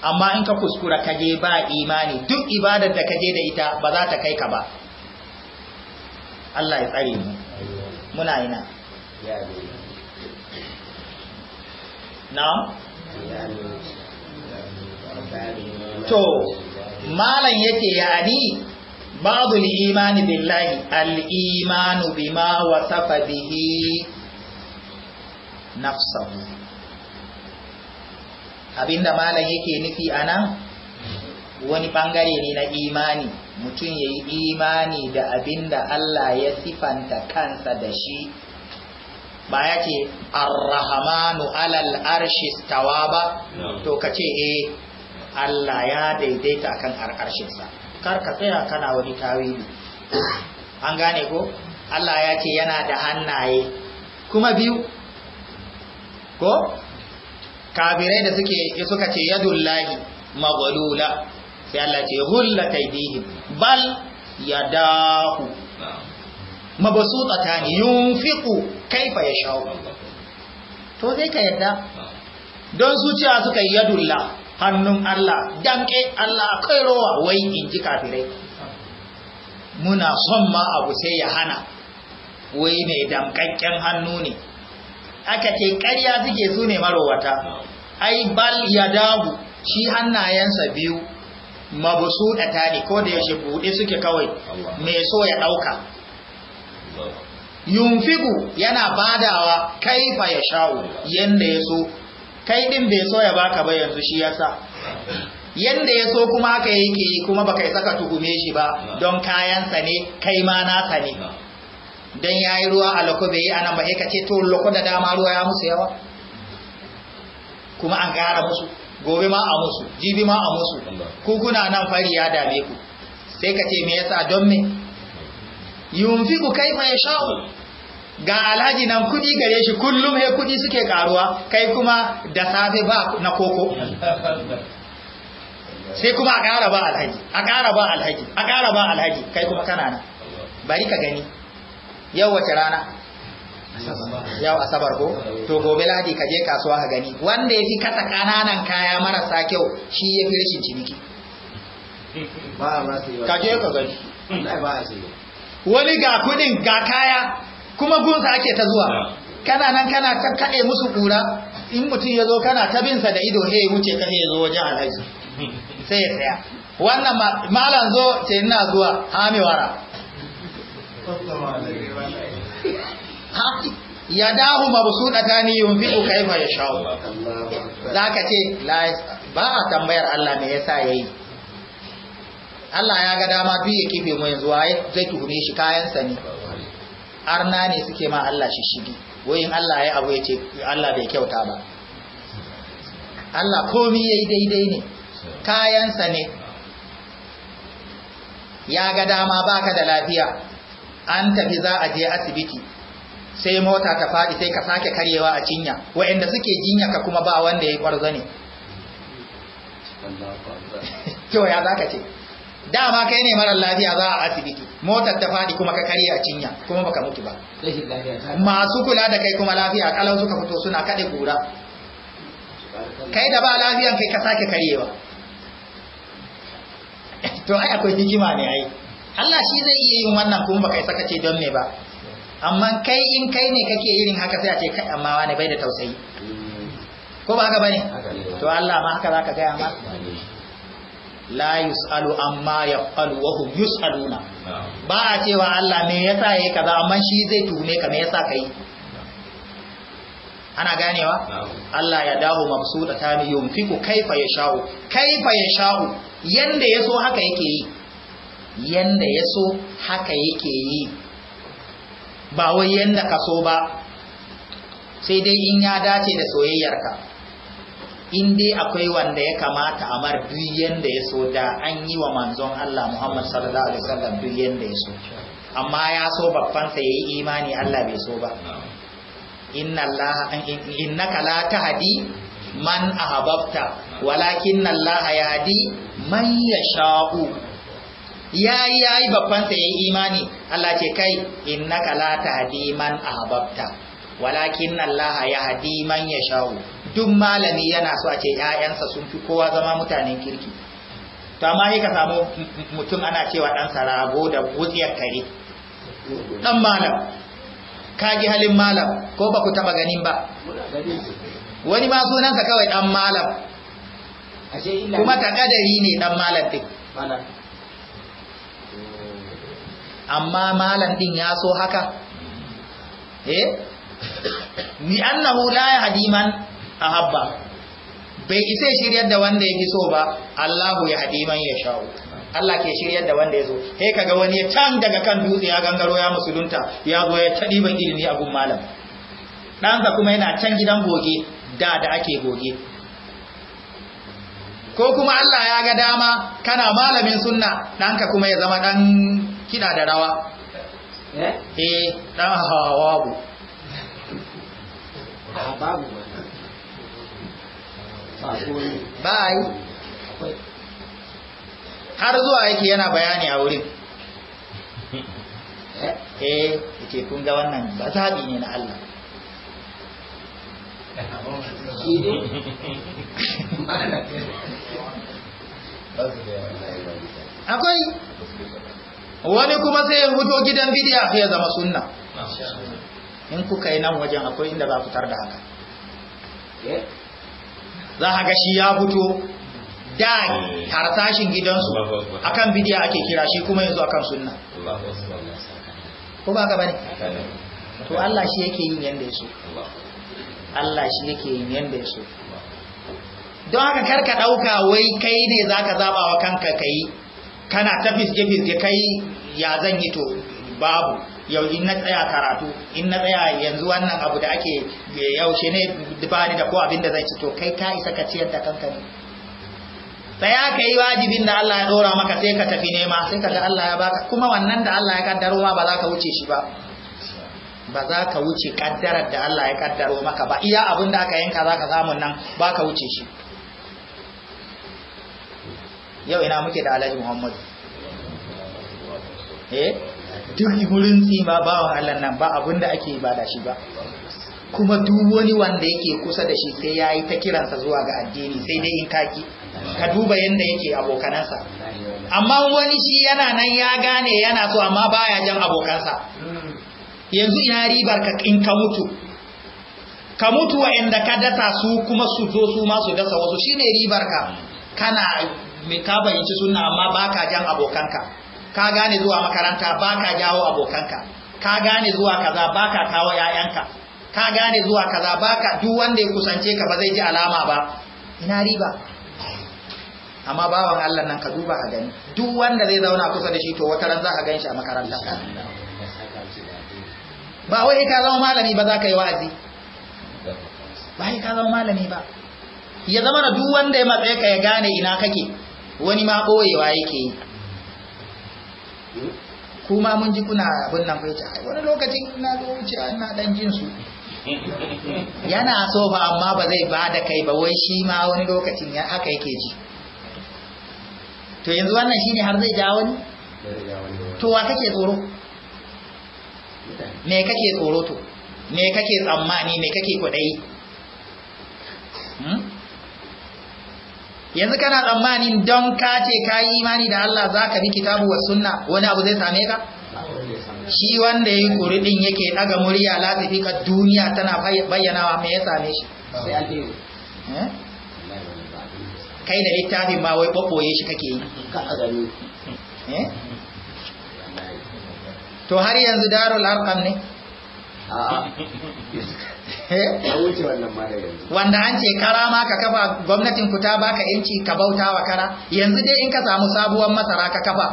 amma in ka kuskura kaje ba imani duk ibadar da kaje da ita ba za ta kai ka ba Allah ya tsare mu muna ina na'am to malam yake yani ba'd al-imani billahi al-imanu bima wasafa bihi nafsahu abinda malam yake nufi anan wani bangare ne na imani mutum yayi imani da abinda Allah ya sifanta kansa da shi ba ya ce arrahamanu alal arshi stawa ba to ka ce eh Allah ya daidaita kan arshinsa kar ka tsaya kana wani tawili an gane ko Allah ya ce yana da hannaye kuma biyu ko kabirai da suke suka ce yadullahi maghlula sai Allah ce hulla taydihim bal yadahu mabasuta ne yunfiqu kaifa ya yasha to sai ka yadda don zuciya suka yi yadulla hannun Allah danke Allah kai rowa wai in ji kafirai muna son ma abu sai ya hana wai mai damkakken hannu ne aka ce ƙarya suke su ne marowata ai bal ya dahu, shi hannayensa biyu mabusu da ne ko da yaushe buɗe suke kawai mai so ya ɗauka yunfiku yana badawa kaifa ya sha'u yanda ya so kai din bai so ya baka ba yanzu shi yasa yanda ya so kuma haka yake yi kuma baka yi saka tuhume shi ba don kayansa ne kai ma nasa ne don ya ruwa a loko bai yi anan ba ka ce to loko da dama ruwa ya musu yawa kuma an gara musu gobe ma a musu jibi ma a musu kukuna nan fari ya dame ku sai ka ce me yasa don me yunfiku mai shahu, ga alhaji nan kudi gare shi kullum he kudi suke karuwa kai kuma da safe ba na koko sai kuma a ƙara ba alhaji a ƙara ba alhaji a ƙara ba alhaji kai kuma kana nan bari ka gani yau wace rana yau asabar ko to gobe ladi ka je kasuwa ka gani wanda ya fi kasa kananan kaya marasa kyau shi ya fi rashin ciniki ka je ka gani ba a sayo wani ga kudin ga kaya kuma gunsa ake ta zuwa kana nan kana ta kaɗe musu ƙura in mutum ya zo kana ta binsa da ido he wuce ka he zo wajen alhaji sai ya tsaya wannan malam zo ce ina zuwa hamiwara ya dahu mabsuda tani yunfiqu kaifa yashau zaka ce ba a tambayar Allah me yasa yayi Allah ya ga dama duk ya kife mu yanzu waye zai tuhume shi kayansa ne arna ne suke ma Allah shi shigi wayin Allah ya abu yace Allah bai kyauta ba Allah komai yayi daidai ne kayansa ne ya ga dama baka da lafiya an tafi za a je asibiti sai mota ta faɗi sai ka sake karyewa a cinya wayanda suke jinya ka kuma ba wanda ya yi ƙwarzo ne ya za ka ce dama kai ne marar lafiya za a asibiti motar ta faɗi kuma ka a cinya kuma baka mutu ba masu kula da kai kuma lafiya kalau suka fito suna kaɗe gura. kai da ba lafiyan kai ka sake karyewa to ai akwai hikima ne ai Allah shi zai iya yin wannan kuma baka saka ce don ne ba amma kai in kai ne kake irin haka sai a ce kai amma wani bai da tausayi ko ba haka bane to Allah ma haka zaka ga amma la yus'alu amma yaf'alu wa hum yus'aluna ba a cewa Allah me yasa yayi kaza amma shi zai tume ka me yasa kai ana ganewa Allah ya dawo mabsuda ta ni yunfiku kaifa yasha'u kaifa yasha'u yanda yaso haka yake yi yanda yaso haka yake yi ba wai yanda ka so ba sai dai in ya dace da soyayyarka in dai akwai wanda ya kamata a mar biyan da ya so da an yi wa manzon Allah Muhammad sallallahu alaihi wasallam duk da ya so amma ya so sa yayi imani Allah bai so ba inna Allah innaka la tahdi man ahbabta walakin Allah yahdi man yasha'u yayi yayi sa yayi imani Allah ce kai innaka la tahdi man ahbabta walakin Allah yahdi man yasha'u duk malami yana so a ce ‘ya'yansa sun fi kowa zama mutanen kirki to amma yi ka samu mutum ana cewa ɗansa rago da wutsiyar kare ɗan malam kaji halin malam ko ba ku taɓa ganin ba wani ma sunansa kawai ɗan malam kuma ƙadari ne ɗan malam ɗin amma malam ɗin ya so haka eh ni annahu la yahdi man ahabba bai isa ya shiryar da wanda ya fi so ba Allahu ya haɗi man ya shawo Allah ke shiryar da wanda ya zo sai kaga wani ya can daga kan dutse ya gangaro ya musulunta ya zo ya taɗi ban ilimi a gun malam ɗansa kuma yana can gidan goge da da ake goge ko kuma Allah ya ga dama kana malamin sunna ɗanka kuma ya zama ɗan kiɗa da rawa eh, eh ɗan hawa babu babu ba har zuwa yake yana bayani a wurin eh yake kun ga wannan ba zaɓi ne na Allah akwai wani kuma sai ya hudo gidan bidiya ya zama sunna in kuka yi nan wajen akwai inda ba fitar da haka eh? za a ga shi ya fito da eh. harsashin gidansu akan bidiya ake kira shi kuma yanzu akan sunna ko ba ka bane to Allah shi yake yin yanda yaso Allah shi yake yin yanda yaso don haka karka dauka wai kai ne zaka zaba wa kanka kai kana tafis fisge fisge kai ya zan yi to babu yau in na tsaya karatu in na tsaya yanzu wannan abu da ake yaushe ne ba ni da ko abin da zai ci to kai ka isa ka ciyar da kanka ne tsaya ka yi wajibin da Allah ya dora maka sai ka tafi nema sai ka ga Allah ya baka kuma wannan da Allah ya kaddaro ma ba za ka wuce shi ba ba za ka wuce kaddarar da Allah ya kaddaro maka ba iya abin da aka yanka za ka samu nan ba ka wuce shi yau ina muke da Alhaji Muhammad eh duk wurin tsima ba wa Allah nan ba abinda ake yi ba da shi ba kuma duk wani wanda yake kusa da shi sai yayi ta kiransa zuwa ga addini sai dai in kaki ka duba yanda yake abokanansa amma wani shi yana nan ya gane yana so amma baya jan abokansa yanzu ina ribar ka in ka mutu ka mutu wa inda ka dasa su kuma su zo su ma su dasa wasu shine ribar ka kana me ka bayyanci sunna amma baka jan abokanka ka gane zuwa makaranta baka jawo abokanka ka gane zuwa kaza baka kawo yayanka ka gane zuwa kaza baka duk wanda ya kusance ka ba zai ji alama ba ina riba amma bawan Allah nan ka duba a gani duk wanda zai zauna kusa da shi to wata ran za ka ganshi a makaranta ba wai ka zama malami ba za ka yi wa'azi ba wai ka zama malami ba ya zama da duk wanda ya matsaye ka ya gane ina kake wani ma boyewa yake yi kuma mun ji kuna abin nan bai ta wani lokacin na zo wuce ina dan jin su yana so ba amma ba zai ba da kai ba wai shi ma wani lokacin ya haka yake ji to yanzu wannan shine har zai ja wani to wa kake tsoro me kake tsoro to me kake tsammani me kake kudai yanzu kana tsammanin don ka ce ka yi imani da Allah za ka bi kitabu wa sunna wani abu zai same ka shi wanda ya yi ƙuriɗin yake ɗaga murya latifi ka duniya tana bayyanawa mai ya same shi eh? kai da littafin ba wai ɓaɓɓoye shi kake yi eh? to har yanzu darul arkam ne wanda an ce kara ma ka kafa gwamnatin ku ta baka yanci ka bauta wa kara yanzu dai in ka samu sabuwar masara ka kafa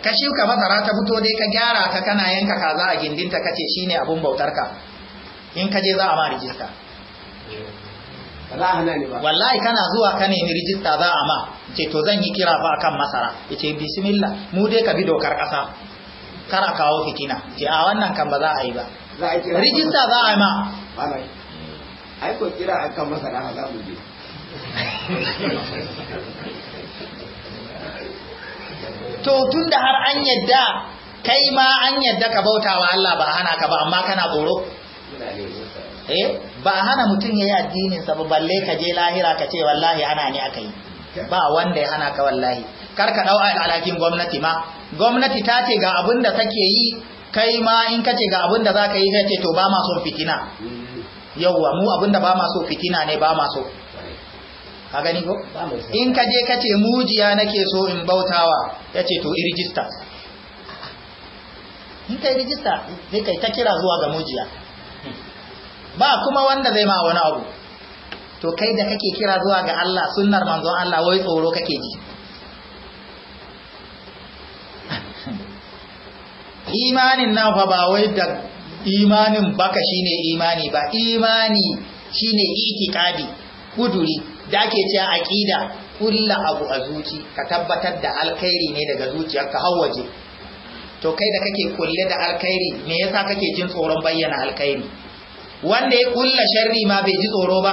ka shuka masara ta fito dai ka gyara ta kana yanka kaza a gindinta ka shi shine abun bautar ka in ka je za a ma rijista wallahi kana zuwa ka nemi rijista za a ma ce to zan yi kira fa akan masara ce bismillah mu dai ka bi dokar ƙasa. kar a kawo fitina ce a wannan kan ba za a yi ba rijista za a yi ma aiko kira an kan masana a zamu je to tun da har an yadda kai ma an yadda ka bauta wa Allah ba hana ka ba amma kana tsoro eh ba hana mutum ya yi addininsa ba balle ka je lahira ka ce wallahi ana ne aka yi ba wanda ya hana ka wallahi kar ka dau alhakin gwamnati ma gwamnati ta ce ga abin da take yi kai ma in ka ce ga abin da za ka yi ka ce to ba ma so fitina yauwa mu abin da ba ma so fitina ne ba ma so ka gani ko in ka je ka ce mujiya nake so in bautawa ya ce to irijista in ka irijista sai kai ta kira zuwa ga mujiya ba kuma wanda zai ma wani abu to kai da kake kira zuwa ga Allah sunnar manzon Allah wai tsoro kake ji imanin nan fa ba wai da imanin baka shine imani ba imani shine itikadi kuduri da ake cewa aqida kullu abu a zuci ka tabbatar da alkhairi ne daga zuciyarka waje. to kai da kake kulle da alkhairi me yasa kake jin tsoron bayyana alkhairi wanda ya kulla sharri ma bai ji tsoro ba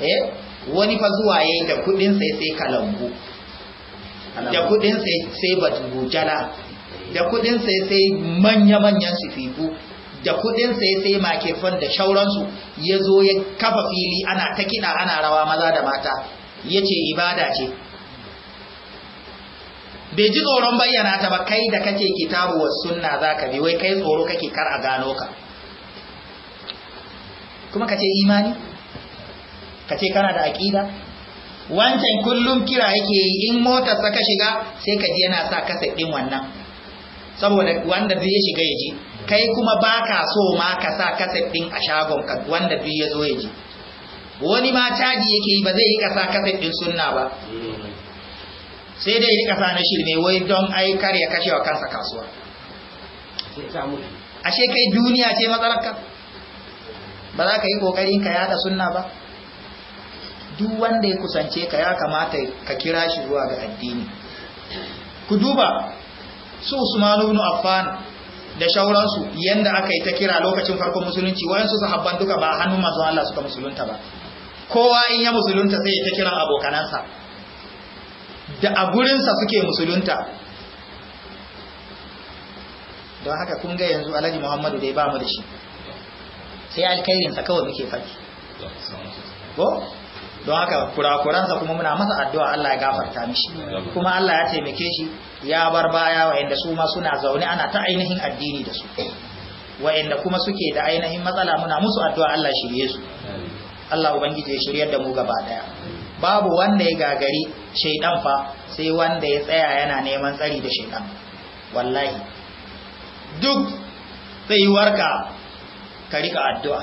eh wani fa zuwa yi da kudin sai sai kalambu da kudin sai sai batubujala da kudin sai sai manya-manyan sifiku da kudin sai sai makefan da shauransu ya zo ya kafa fili ana ta kiɗa ana rawa maza da mata ya ce ibada ce bai ji tsoron bayyana ta ba kai da kake kitabu wa sunna za ka bi wai kai tsoro kake kar a gano ka kuma ka ce imani ka ce kana da aƙida wancan kullum kira yake yi in motarsa ka shiga sai ka ji yana sa kasa ɗin wannan saboda wanda zai ya shiga ya ji kai kuma ba ka so ma ka sa kasa ɗin a shagon ka wanda duk ya zo ya ji wani ma caji yake yi ba zai yi ka sa kasa ɗin sunna ba sai dai yi sa na shirme wai don ai kar ya kashe wa kansa kasuwa ashe kai duniya ce matsalar ka? ba za ka yi kokarin ka yada sunna ba duk wanda ya kusance ka ya kamata ka kira shi zuwa ga addini ku duba su Usmanu ibn Affan da shauransu yanda aka yi ta kira lokacin farkon musulunci wayansu sahabban duka ba hannu manzon Allah suka musulunta ba kowa in ya musulunta sai ya ta kira abokanansa da a gurinsa suke musulunta don haka kun ga yanzu alhaji muhammadu dai ba mu da shi sai sa kawai muke faɗi don haka kurakuransa kuma muna masa addu'a Allah ya gafarta mishi kuma Allah ya taimake shi ya bar baya wa'anda su ma suna zaune ana ta ainihin addini da su wa'anda kuma suke da ainihin matsala muna musu addu'a Allah shirye su Allah ubangiji ya shiryar da mu gaba daya babu wanda ya gagari shaidan fa sai wanda ya tsaya yana neman tsari da shaidan wallahi duk tsayuwarka ka rika addu'a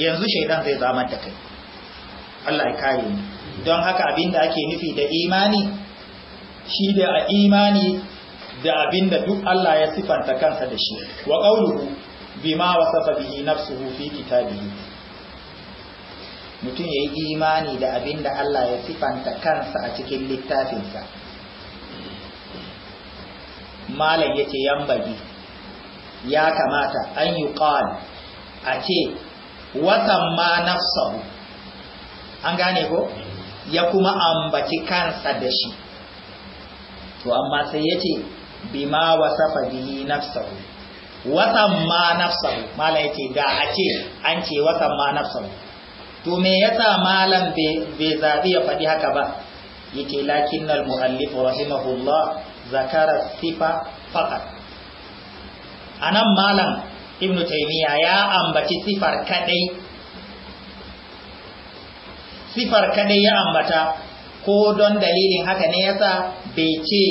yanzu shaidan zai zamanta da kai Allah ya kare mu don haka abinda ake nufi da imani shi da imani da abinda duk Allah ya sifanta kansa da shi wa qauluhu bima wasafa bihi nafsuhu fi kitabihi mutum yayi imani da abinda Allah ya sifanta kansa a cikin littafinsa malam yace yambagi ya kamata an yuqal a ce wasan ma nafsahu an gane ko ya kuma ambaci kansa da shi to amma sai yace, ce bima wasafa bihi nafsahu wasan ma nafsahu mala ya ce da a ce an ce wasan ma nafsahu to me yasa malam bai zaɓi ya faɗi haka ba yake lakinnal mu'allif rahimahullah zakara sifa faqat anan malam ibnu taymiya ya ambaci sifar kadai sifar kadai ya ambata ko don dalilin haka ne yasa bai ce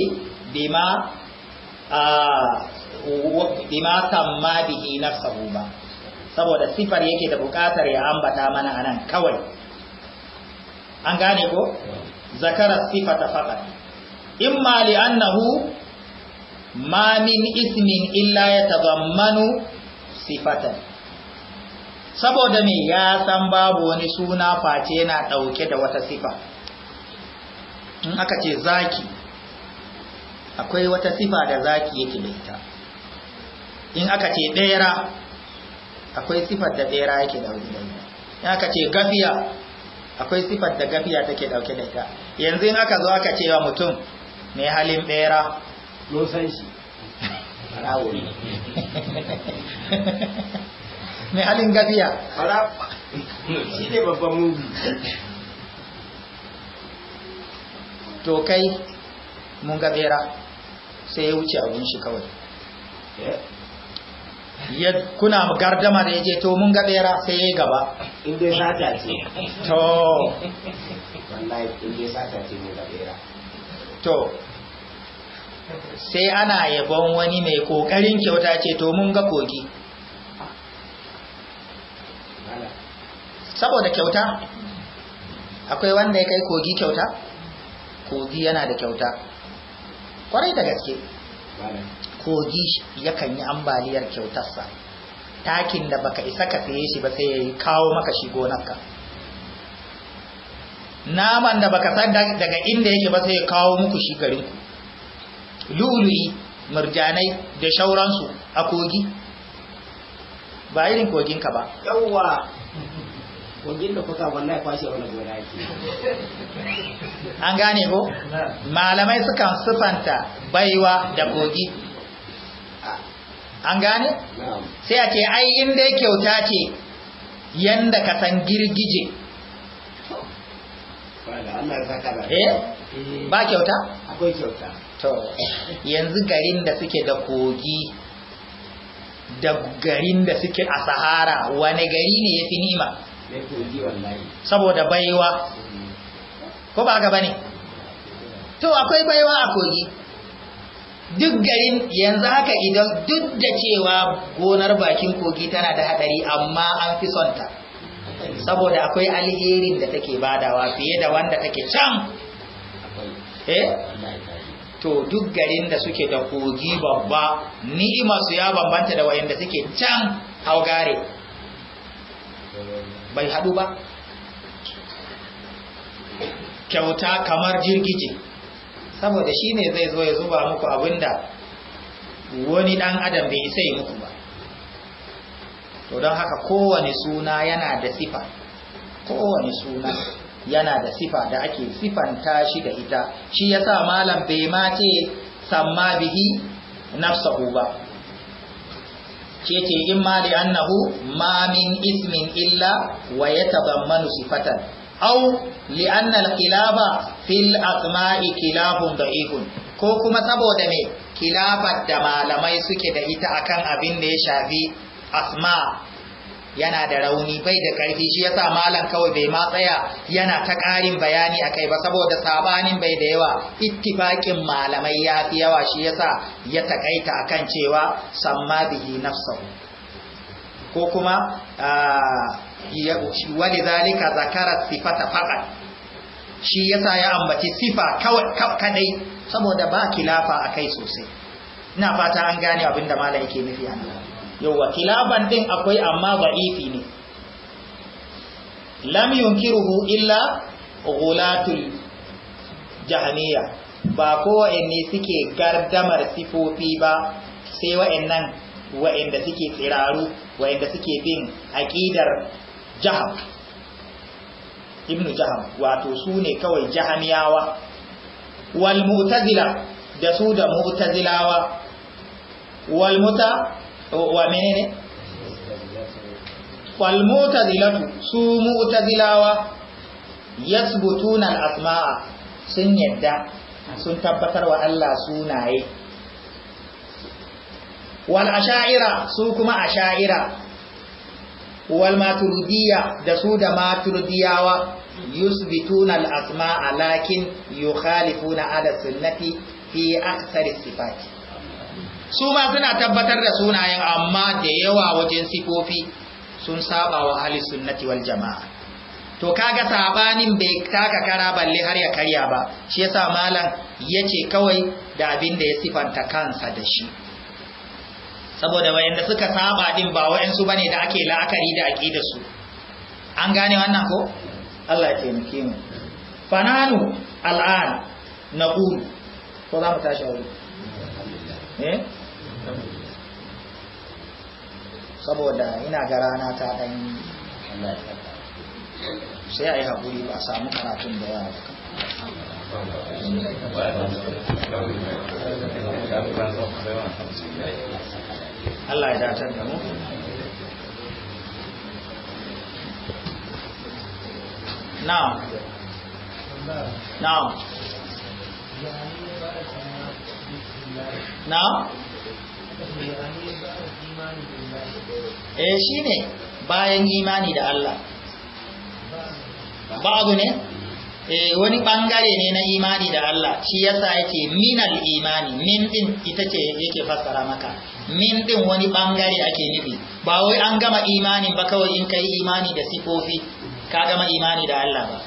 bima bima samma bihi nafsahu ba saboda sifar yake da bukatar ya ambata mana anan kawai an gane ko zakara sifata faqat imma li annahu ma min ismin illa yatadammanu sifatan saboda me ya san babu wani suna face yana ɗauke da wata sifa in aka ce zaki akwai wata sifa da zaki yake da ita in aka ce ɗera akwai sifar da ɗera yake ɗauke da ita in aka ce gafiya akwai sifar da gafiya take ɗauke da ita yanzu in aka zo aka ce wa mutum mai halin ɗera losan shi mai halin gafiya shi ne babban mugu to kai mun ga bera sai ya wuce abin shi kawai eh? ya kuna gardama da ya je to mun ga bera sai ya yi gaba inda ya sata ce to wallahi inda ya sata ce mun bera to sai ana yabon wani mai kokarin kyauta ce to mun ga kogi saboda kyauta akwai wanda ya kai kogi kyauta kogi yana da kyauta kwarai da gaske kogi yakan yi ambaliyar kyautarsa takin da baka isa ka saye shi ba sai ya kawo maka shi gonarka naman da baka san daga inda yake ba sai ya kawo muku shi garinku luluyi murjanai da shauransu a kogi ba irin koginka ba yawwa wajen da kuka wallahi kwashe wani gora yake an gane ko malamai sukan sufanta baiwa da kogi an gane sai a ce ai inda dai kyauta ce yanda ka san girgije eh? eh ba kyauta akwai kyauta to yanzu garin da suke da kogi da garin da suke a sahara wane gari ne ya fi nima saboda baiwa ko ba ga bane to akwai baiwa a kogi duk garin yanzu haka idan duk da cewa gonar bakin kogi tana da hadari amma an fi son ta saboda akwai alherin da take badawa fiye da wanda take can eh to duk garin da suke da kogi babba ni'ima su ya bambanta da wayanda suke can haugare bai hadu ba kyauta kamar jirgije saboda shi ne zai zo ya zuba muku abinda wani dan adam bai isa yi muku ba to don haka kowane suna yana da sifa kowane suna yana da sifa da ake sifanta shi da ita shi yasa malam bai mace samma bihi nafsahu ba Cece ce in ma li annahu ma min ismin illa wa manu sifatan aw li anna al-kilaba fil asma'i kilabun ihun, ko kuma saboda me kilabar da malamai suke da ita akan abin da ya shafi asma yana da rauni bai da ƙarfi shi yasa malam kawai bai ma tsaya yana ta ƙarin bayani akai ba saboda sabanin bai da yawa ittifaƙin malamai ya fi yawa shi yasa ya takaita akan cewa samma bihi nafsahu ko kuma wani zalika zakarar sifata faɗa shi yasa ya ambaci sifa kawai kadai saboda ba kilafa akai sosai ina fata an gane abinda malam yake nufi a yawa kilaban din akwai amma ba'ifi ne lam yunkiruhu illa ghulatul jahaniya ba ko ne suke gardamar sifofi ba sai wa'annan wa'anda suke tsiraru wa'anda suke bin aqidar jahab ibnu jahab wato su ne kawai jahamiyawa wal mu'tazila da su da mu'tazilawa wal muta wa menene wal mu'tazilatu su mu'tazilawa yasbutuna al asma'a sun yadda sun tabbatar wa Allah sunaye wal asha'ira su kuma asha'ira wal maturidiyya da su da maturidiyawa yusbituna al asma'a lakin yukhalifuna ala sunnati fi aktsari sifati su ba suna tabbatar da sunayen amma da yawa wajen sifofi sun saba wa ahli sunnati wal jama'a to kaga sabanin bai taka kara balle har ya karya ba shi yasa malam yace kawai da abin da ya sifanta kansa da shi saboda wayanda suka saba din ba su bane da ake la'akari da aqida su an gane wannan ko Allah ya taimake mu fananu al'an naqulu ko za mu tashi wuri? eh saboda ina ga rana ta ɗan sai a yi haƙuri ba samu karatun da yawa Allah ya datar da mu now now now eh shi ne bayan imani da Allah abu ne eh wani bangare ne na imani da Allah shi yasa yake minal imani min din ita ce yake fassara maka min din wani bangare ake nufi ba wai an gama imani ba kawai in kai imani da sifofi ka gama imani da Allah ba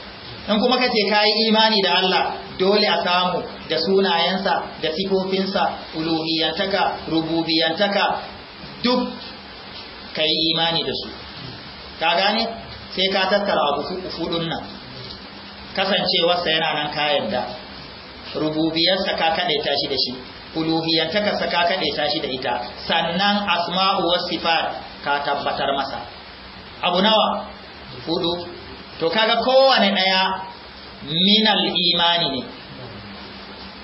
in kuma kace kai imani da Allah dole a samu da sunayensa da sifofinsa uluhiyantaka rububiyantaka duk ka yi imani da su ka gane sai ka tattara abu fudun nan kasancewarsa yana nan ka yarda rububiyarsa ka kaɗaita shi da shi uluhiyantakarsa ka kaɗaita shi da ita sannan asma'u was sifat ka tabbatar masa abu nawa fudu to kaga kowane ɗaya minal imani ne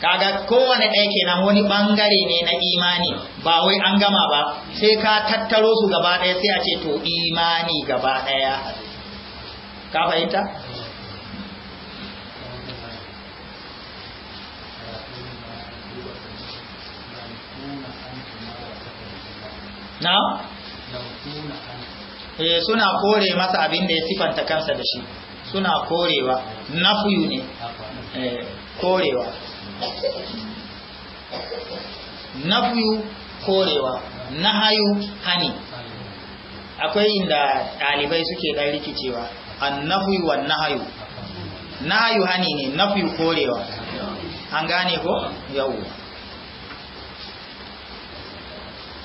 kaga kowane ɗaya kenan wani ɓangare ne na imani ba wai an gama ba sai ka tattaro su gaba ɗaya sai a ce to imani gaba ɗaya ka fahimta na? Eh, suna kore masa abin da ya sifanta kansa da shi suna korewa nafuyu ne eh, korewa nafiyu korewa nahayu hani akwai inda ɗalibai suke ɗan rikicewa an nafiyu wa nahayu nahayu hani ne nafiyu korewa an gane ko yau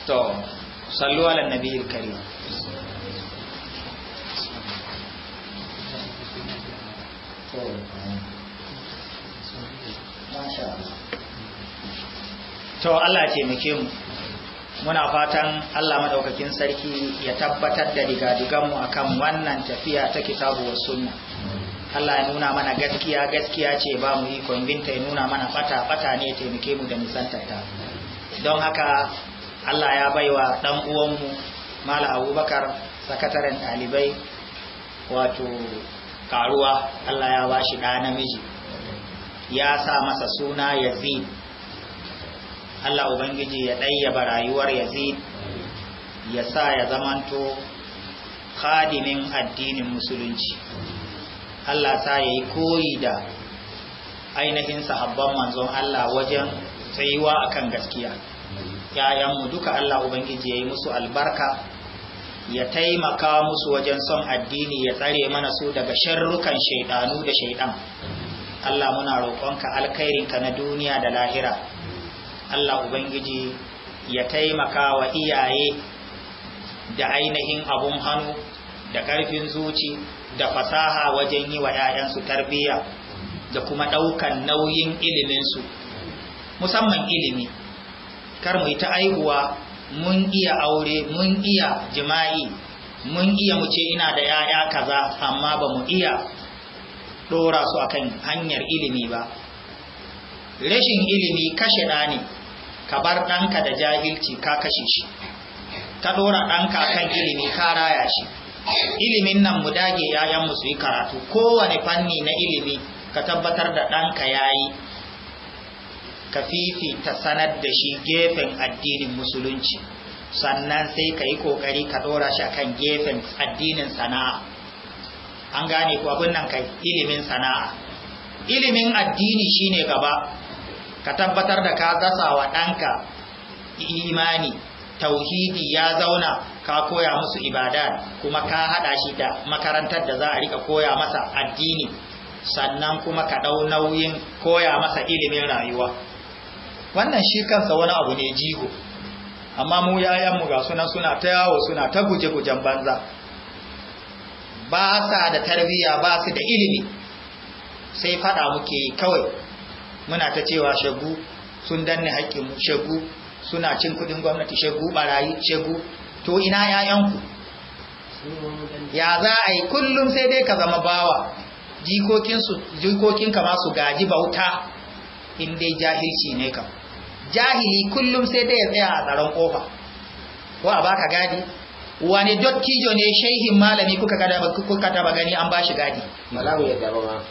to sallu ala nabiyil karim to to Allah taimake mu muna fatan Allah madaukakin sarki ya tabbatar da digadiganmu akan wannan tafiya ta kitabu wa sunna Allah ya nuna mana gaskiya gaskiya ce ba mu yi binta ya nuna mana fata fata ne taimake mu da nisantar ta don haka Allah ya baiwa dan uwanmu Mala Abubakar sakataren ɗalibai wato karuwa Allah ya bashi ɗa namiji ya sa masa suna yazid Allah Ubangiji ya ɗayyaba rayuwar yazid ya sa ya zamanto khadimin addinin musulunci Allah sa ya yi koyi da ainihin sahabban manzon Allah wajen tsayuwa akan gaskiya ‘ya'yanmu duka Allah Ubangiji ya yi musu albarka ya taimaka musu wajen son addini ya tsare mana su daga sharrukan shaidanu da shaidan Allah muna roƙonka alkhairinka na duniya da lahira Allah ubangiji ya taimaka wa iyaye da ainihin abun hannu da ƙarfin zuci da fasaha wajen yi wa 'ya'yansu tarbiyya da kuma ɗaukan nauyin iliminsu musamman ilimi kar mu yi ta aihuwa mun iya aure mun iya jima'i mun iya mu ce ina da 'ya'ya kaza amma ba mu iya dora su akan hanyar ilimi ba rashin ilimi kashe ɗa ka bar ɗanka da jahilci ka kashe shi ka dora ɗanka akan ilimi ka raya shi ilimin nan mu dage 'ya'yan mu su yi karatu kowane fanni na ilimi ka tabbatar da ɗanka ya yi ka fifita sanar da shi gefen addinin musulunci sannan sai ka yi ƙoƙari ka ɗora shi akan gefen addinin sana'a an gane ku abin nan kai ilimin sana'a ilimin addini shine gaba ka tabbatar da ka gasa wa ɗanka imani tauhidi ya zauna ka koya musu ibada, kuma ka haɗa shi da makarantar da za a rika koya masa addini sannan kuma ka dau nauyin koya masa ilimin rayuwa wannan shi kansa wani abu ne jigo amma mu mu ga sunan suna ta yawo suna ta guje-gujen banza ba sa da tarbiyya ba su da ilimi sai fada muke kawai muna ta cewa shagu sun danne haƙƙinmu shagu suna cin kudin gwamnati shagu barayi shagu to ina 'ya'yanku ya za a yi kullum sai dai ka zama bawa jikokin kama su gaji bauta in dai jahilci ne kam jahili kullum sai dai ya tsaya a tsaron ƙofa. Ko a baka gadi wani dottijo ne shehin malami kuka taba gani an bashi gadi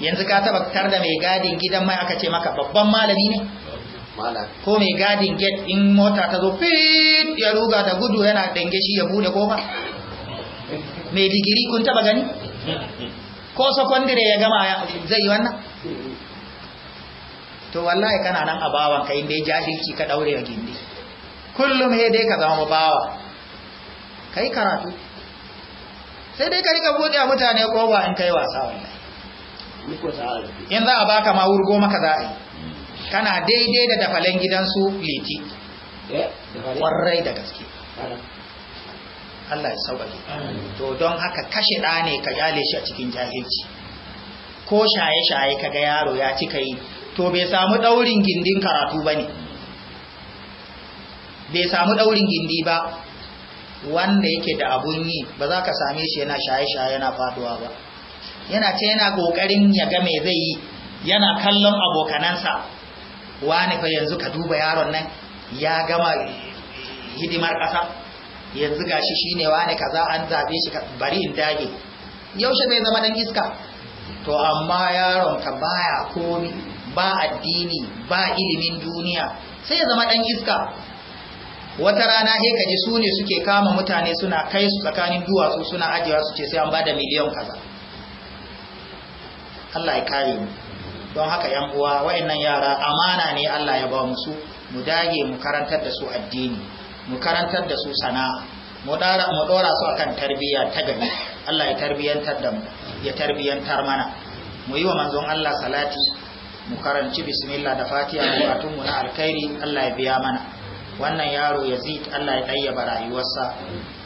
yanzu ka taba tar da mai gadin gidan mai aka ce maka babban malami ne ko mai gadin gate in mota ta zo fit ya ruga da gudu yana dange shi ya bude kofa mai digiri kun taba gani ko secondary ya gama zai wannan to wallahi kana nan a bawan ka inda jahilci ka daure wa gindi kullum he dai ka zama bawa ka karatu sai dai ka rika a mutane ƙoba in kai wasa wannan in za a baka ma wurgo maka za kana daidai da dafalen gidan su liti eh, warrai da gaske Allah ya sauƙaƙe to don haka kashe ɗa ne ka yale shi a cikin jahilci ko shaye-shaye ka ga yaro ya cika yi to bai samu ɗaurin gindin karatu ba ne bai samu ɗaurin gindi ba wanda yake da abun yi ba za ka same shi yana shaye-shaye yana faduwa ba yana ce yana kokarin ya ga me zai yi yana kallon abokanansa wani fa yanzu ka duba yaron nan ya gama hidimar ƙasa yanzu gashi shine wani kaza an zabe shi bari in dage yaushe zai zama dan iska to amma yaron ka baya komi ba addini ba ilimin duniya sai ya zama dan iska wata rana sai ji su ne suke kama mutane suna kai su tsakanin duwatsu suna ajiyewa su ce sai an bada miliyan kaza Allah ya kare mu don haka yan uwa wayannan yara amana ne Allah ya ba musu mu dage mu karantar da su addini mu karantar da su sana'a mu dara mu dora su akan tarbiyya ta gani Allah ya tarbiyantar da mu ya tarbiyantar mana mu yi wa manzon Allah salati mu karanci bismillah da fatiha da mu na alkhairi Allah ya biya mana wannan yaro yazid Allah ya ɗayyaba rayuwarsa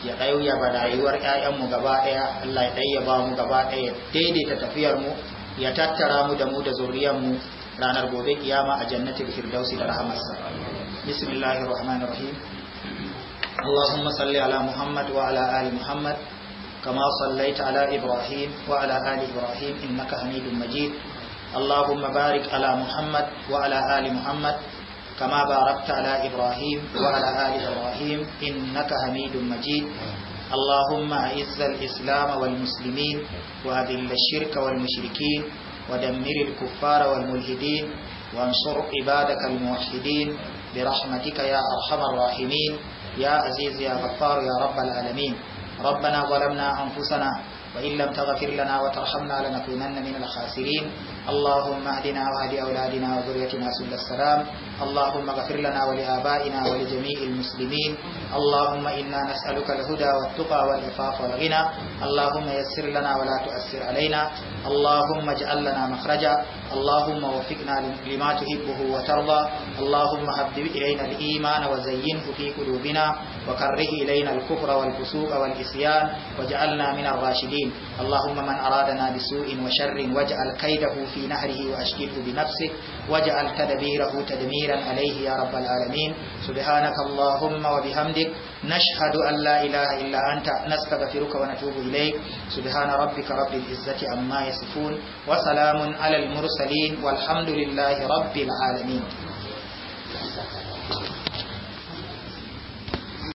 ya ɗayyaba rayuwar ƴaƴanmu gaba ɗaya Allah ya ɗayyaba mu gaba ɗaya daidaita tafiyar mu ya tattara mu da mu da zuriyar mu ranar gobe kiyama a jannatin firdausi da rahamarsa bismillahir rahmanir rahim اللهم صل على محمد وعلى آل محمد كما صليت على إبراهيم وعلى آل إبراهيم إنك حميد مجيد اللهم بارك على محمد وعلى آل محمد كما باركت على إبراهيم وعلى آل إبراهيم إنك حميد مجيد اللهم أعز الإسلام والمسلمين وأذل الشرك والمشركين ودمر الكفار والملحدين وانصر عبادك الموحدين برحمتك يا أرحم الراحمين يا عزيز يا غفار يا رب العالمين ربنا ظلمنا أنفسنا وإن لم تغفر لنا وترحمنا لنكونن من الخاسرين اللهم اهدنا واهد أولادنا وذريتنا سبل السلام اللهم اغفر لنا ولآبائنا ولجميع المسلمين اللهم إنا نسألك الهدى والتقى والعفاف والغنى اللهم يسر لنا ولا تؤسر علينا اللهم اجعل لنا مخرجا اللهم وفقنا لما تحبه وترضى اللهم حبب إلينا الإيمان وزينه في قلوبنا وكره إلينا الكفر والفسوق والعصيان واجعلنا من الراشدين اللهم من أرادنا بسوء وشر واجعل كيده في نهره وأشكله بنفسه واجعل تدبيره تدميرا عليه يا رب العالمين سبحانك اللهم وبحمدك نشهد أن لا إله إلا أنت نستغفرك ونتوب إليك سبحان ربك رب العزة عما يصفون وسلام على المرسلين والحمد لله رب العالمين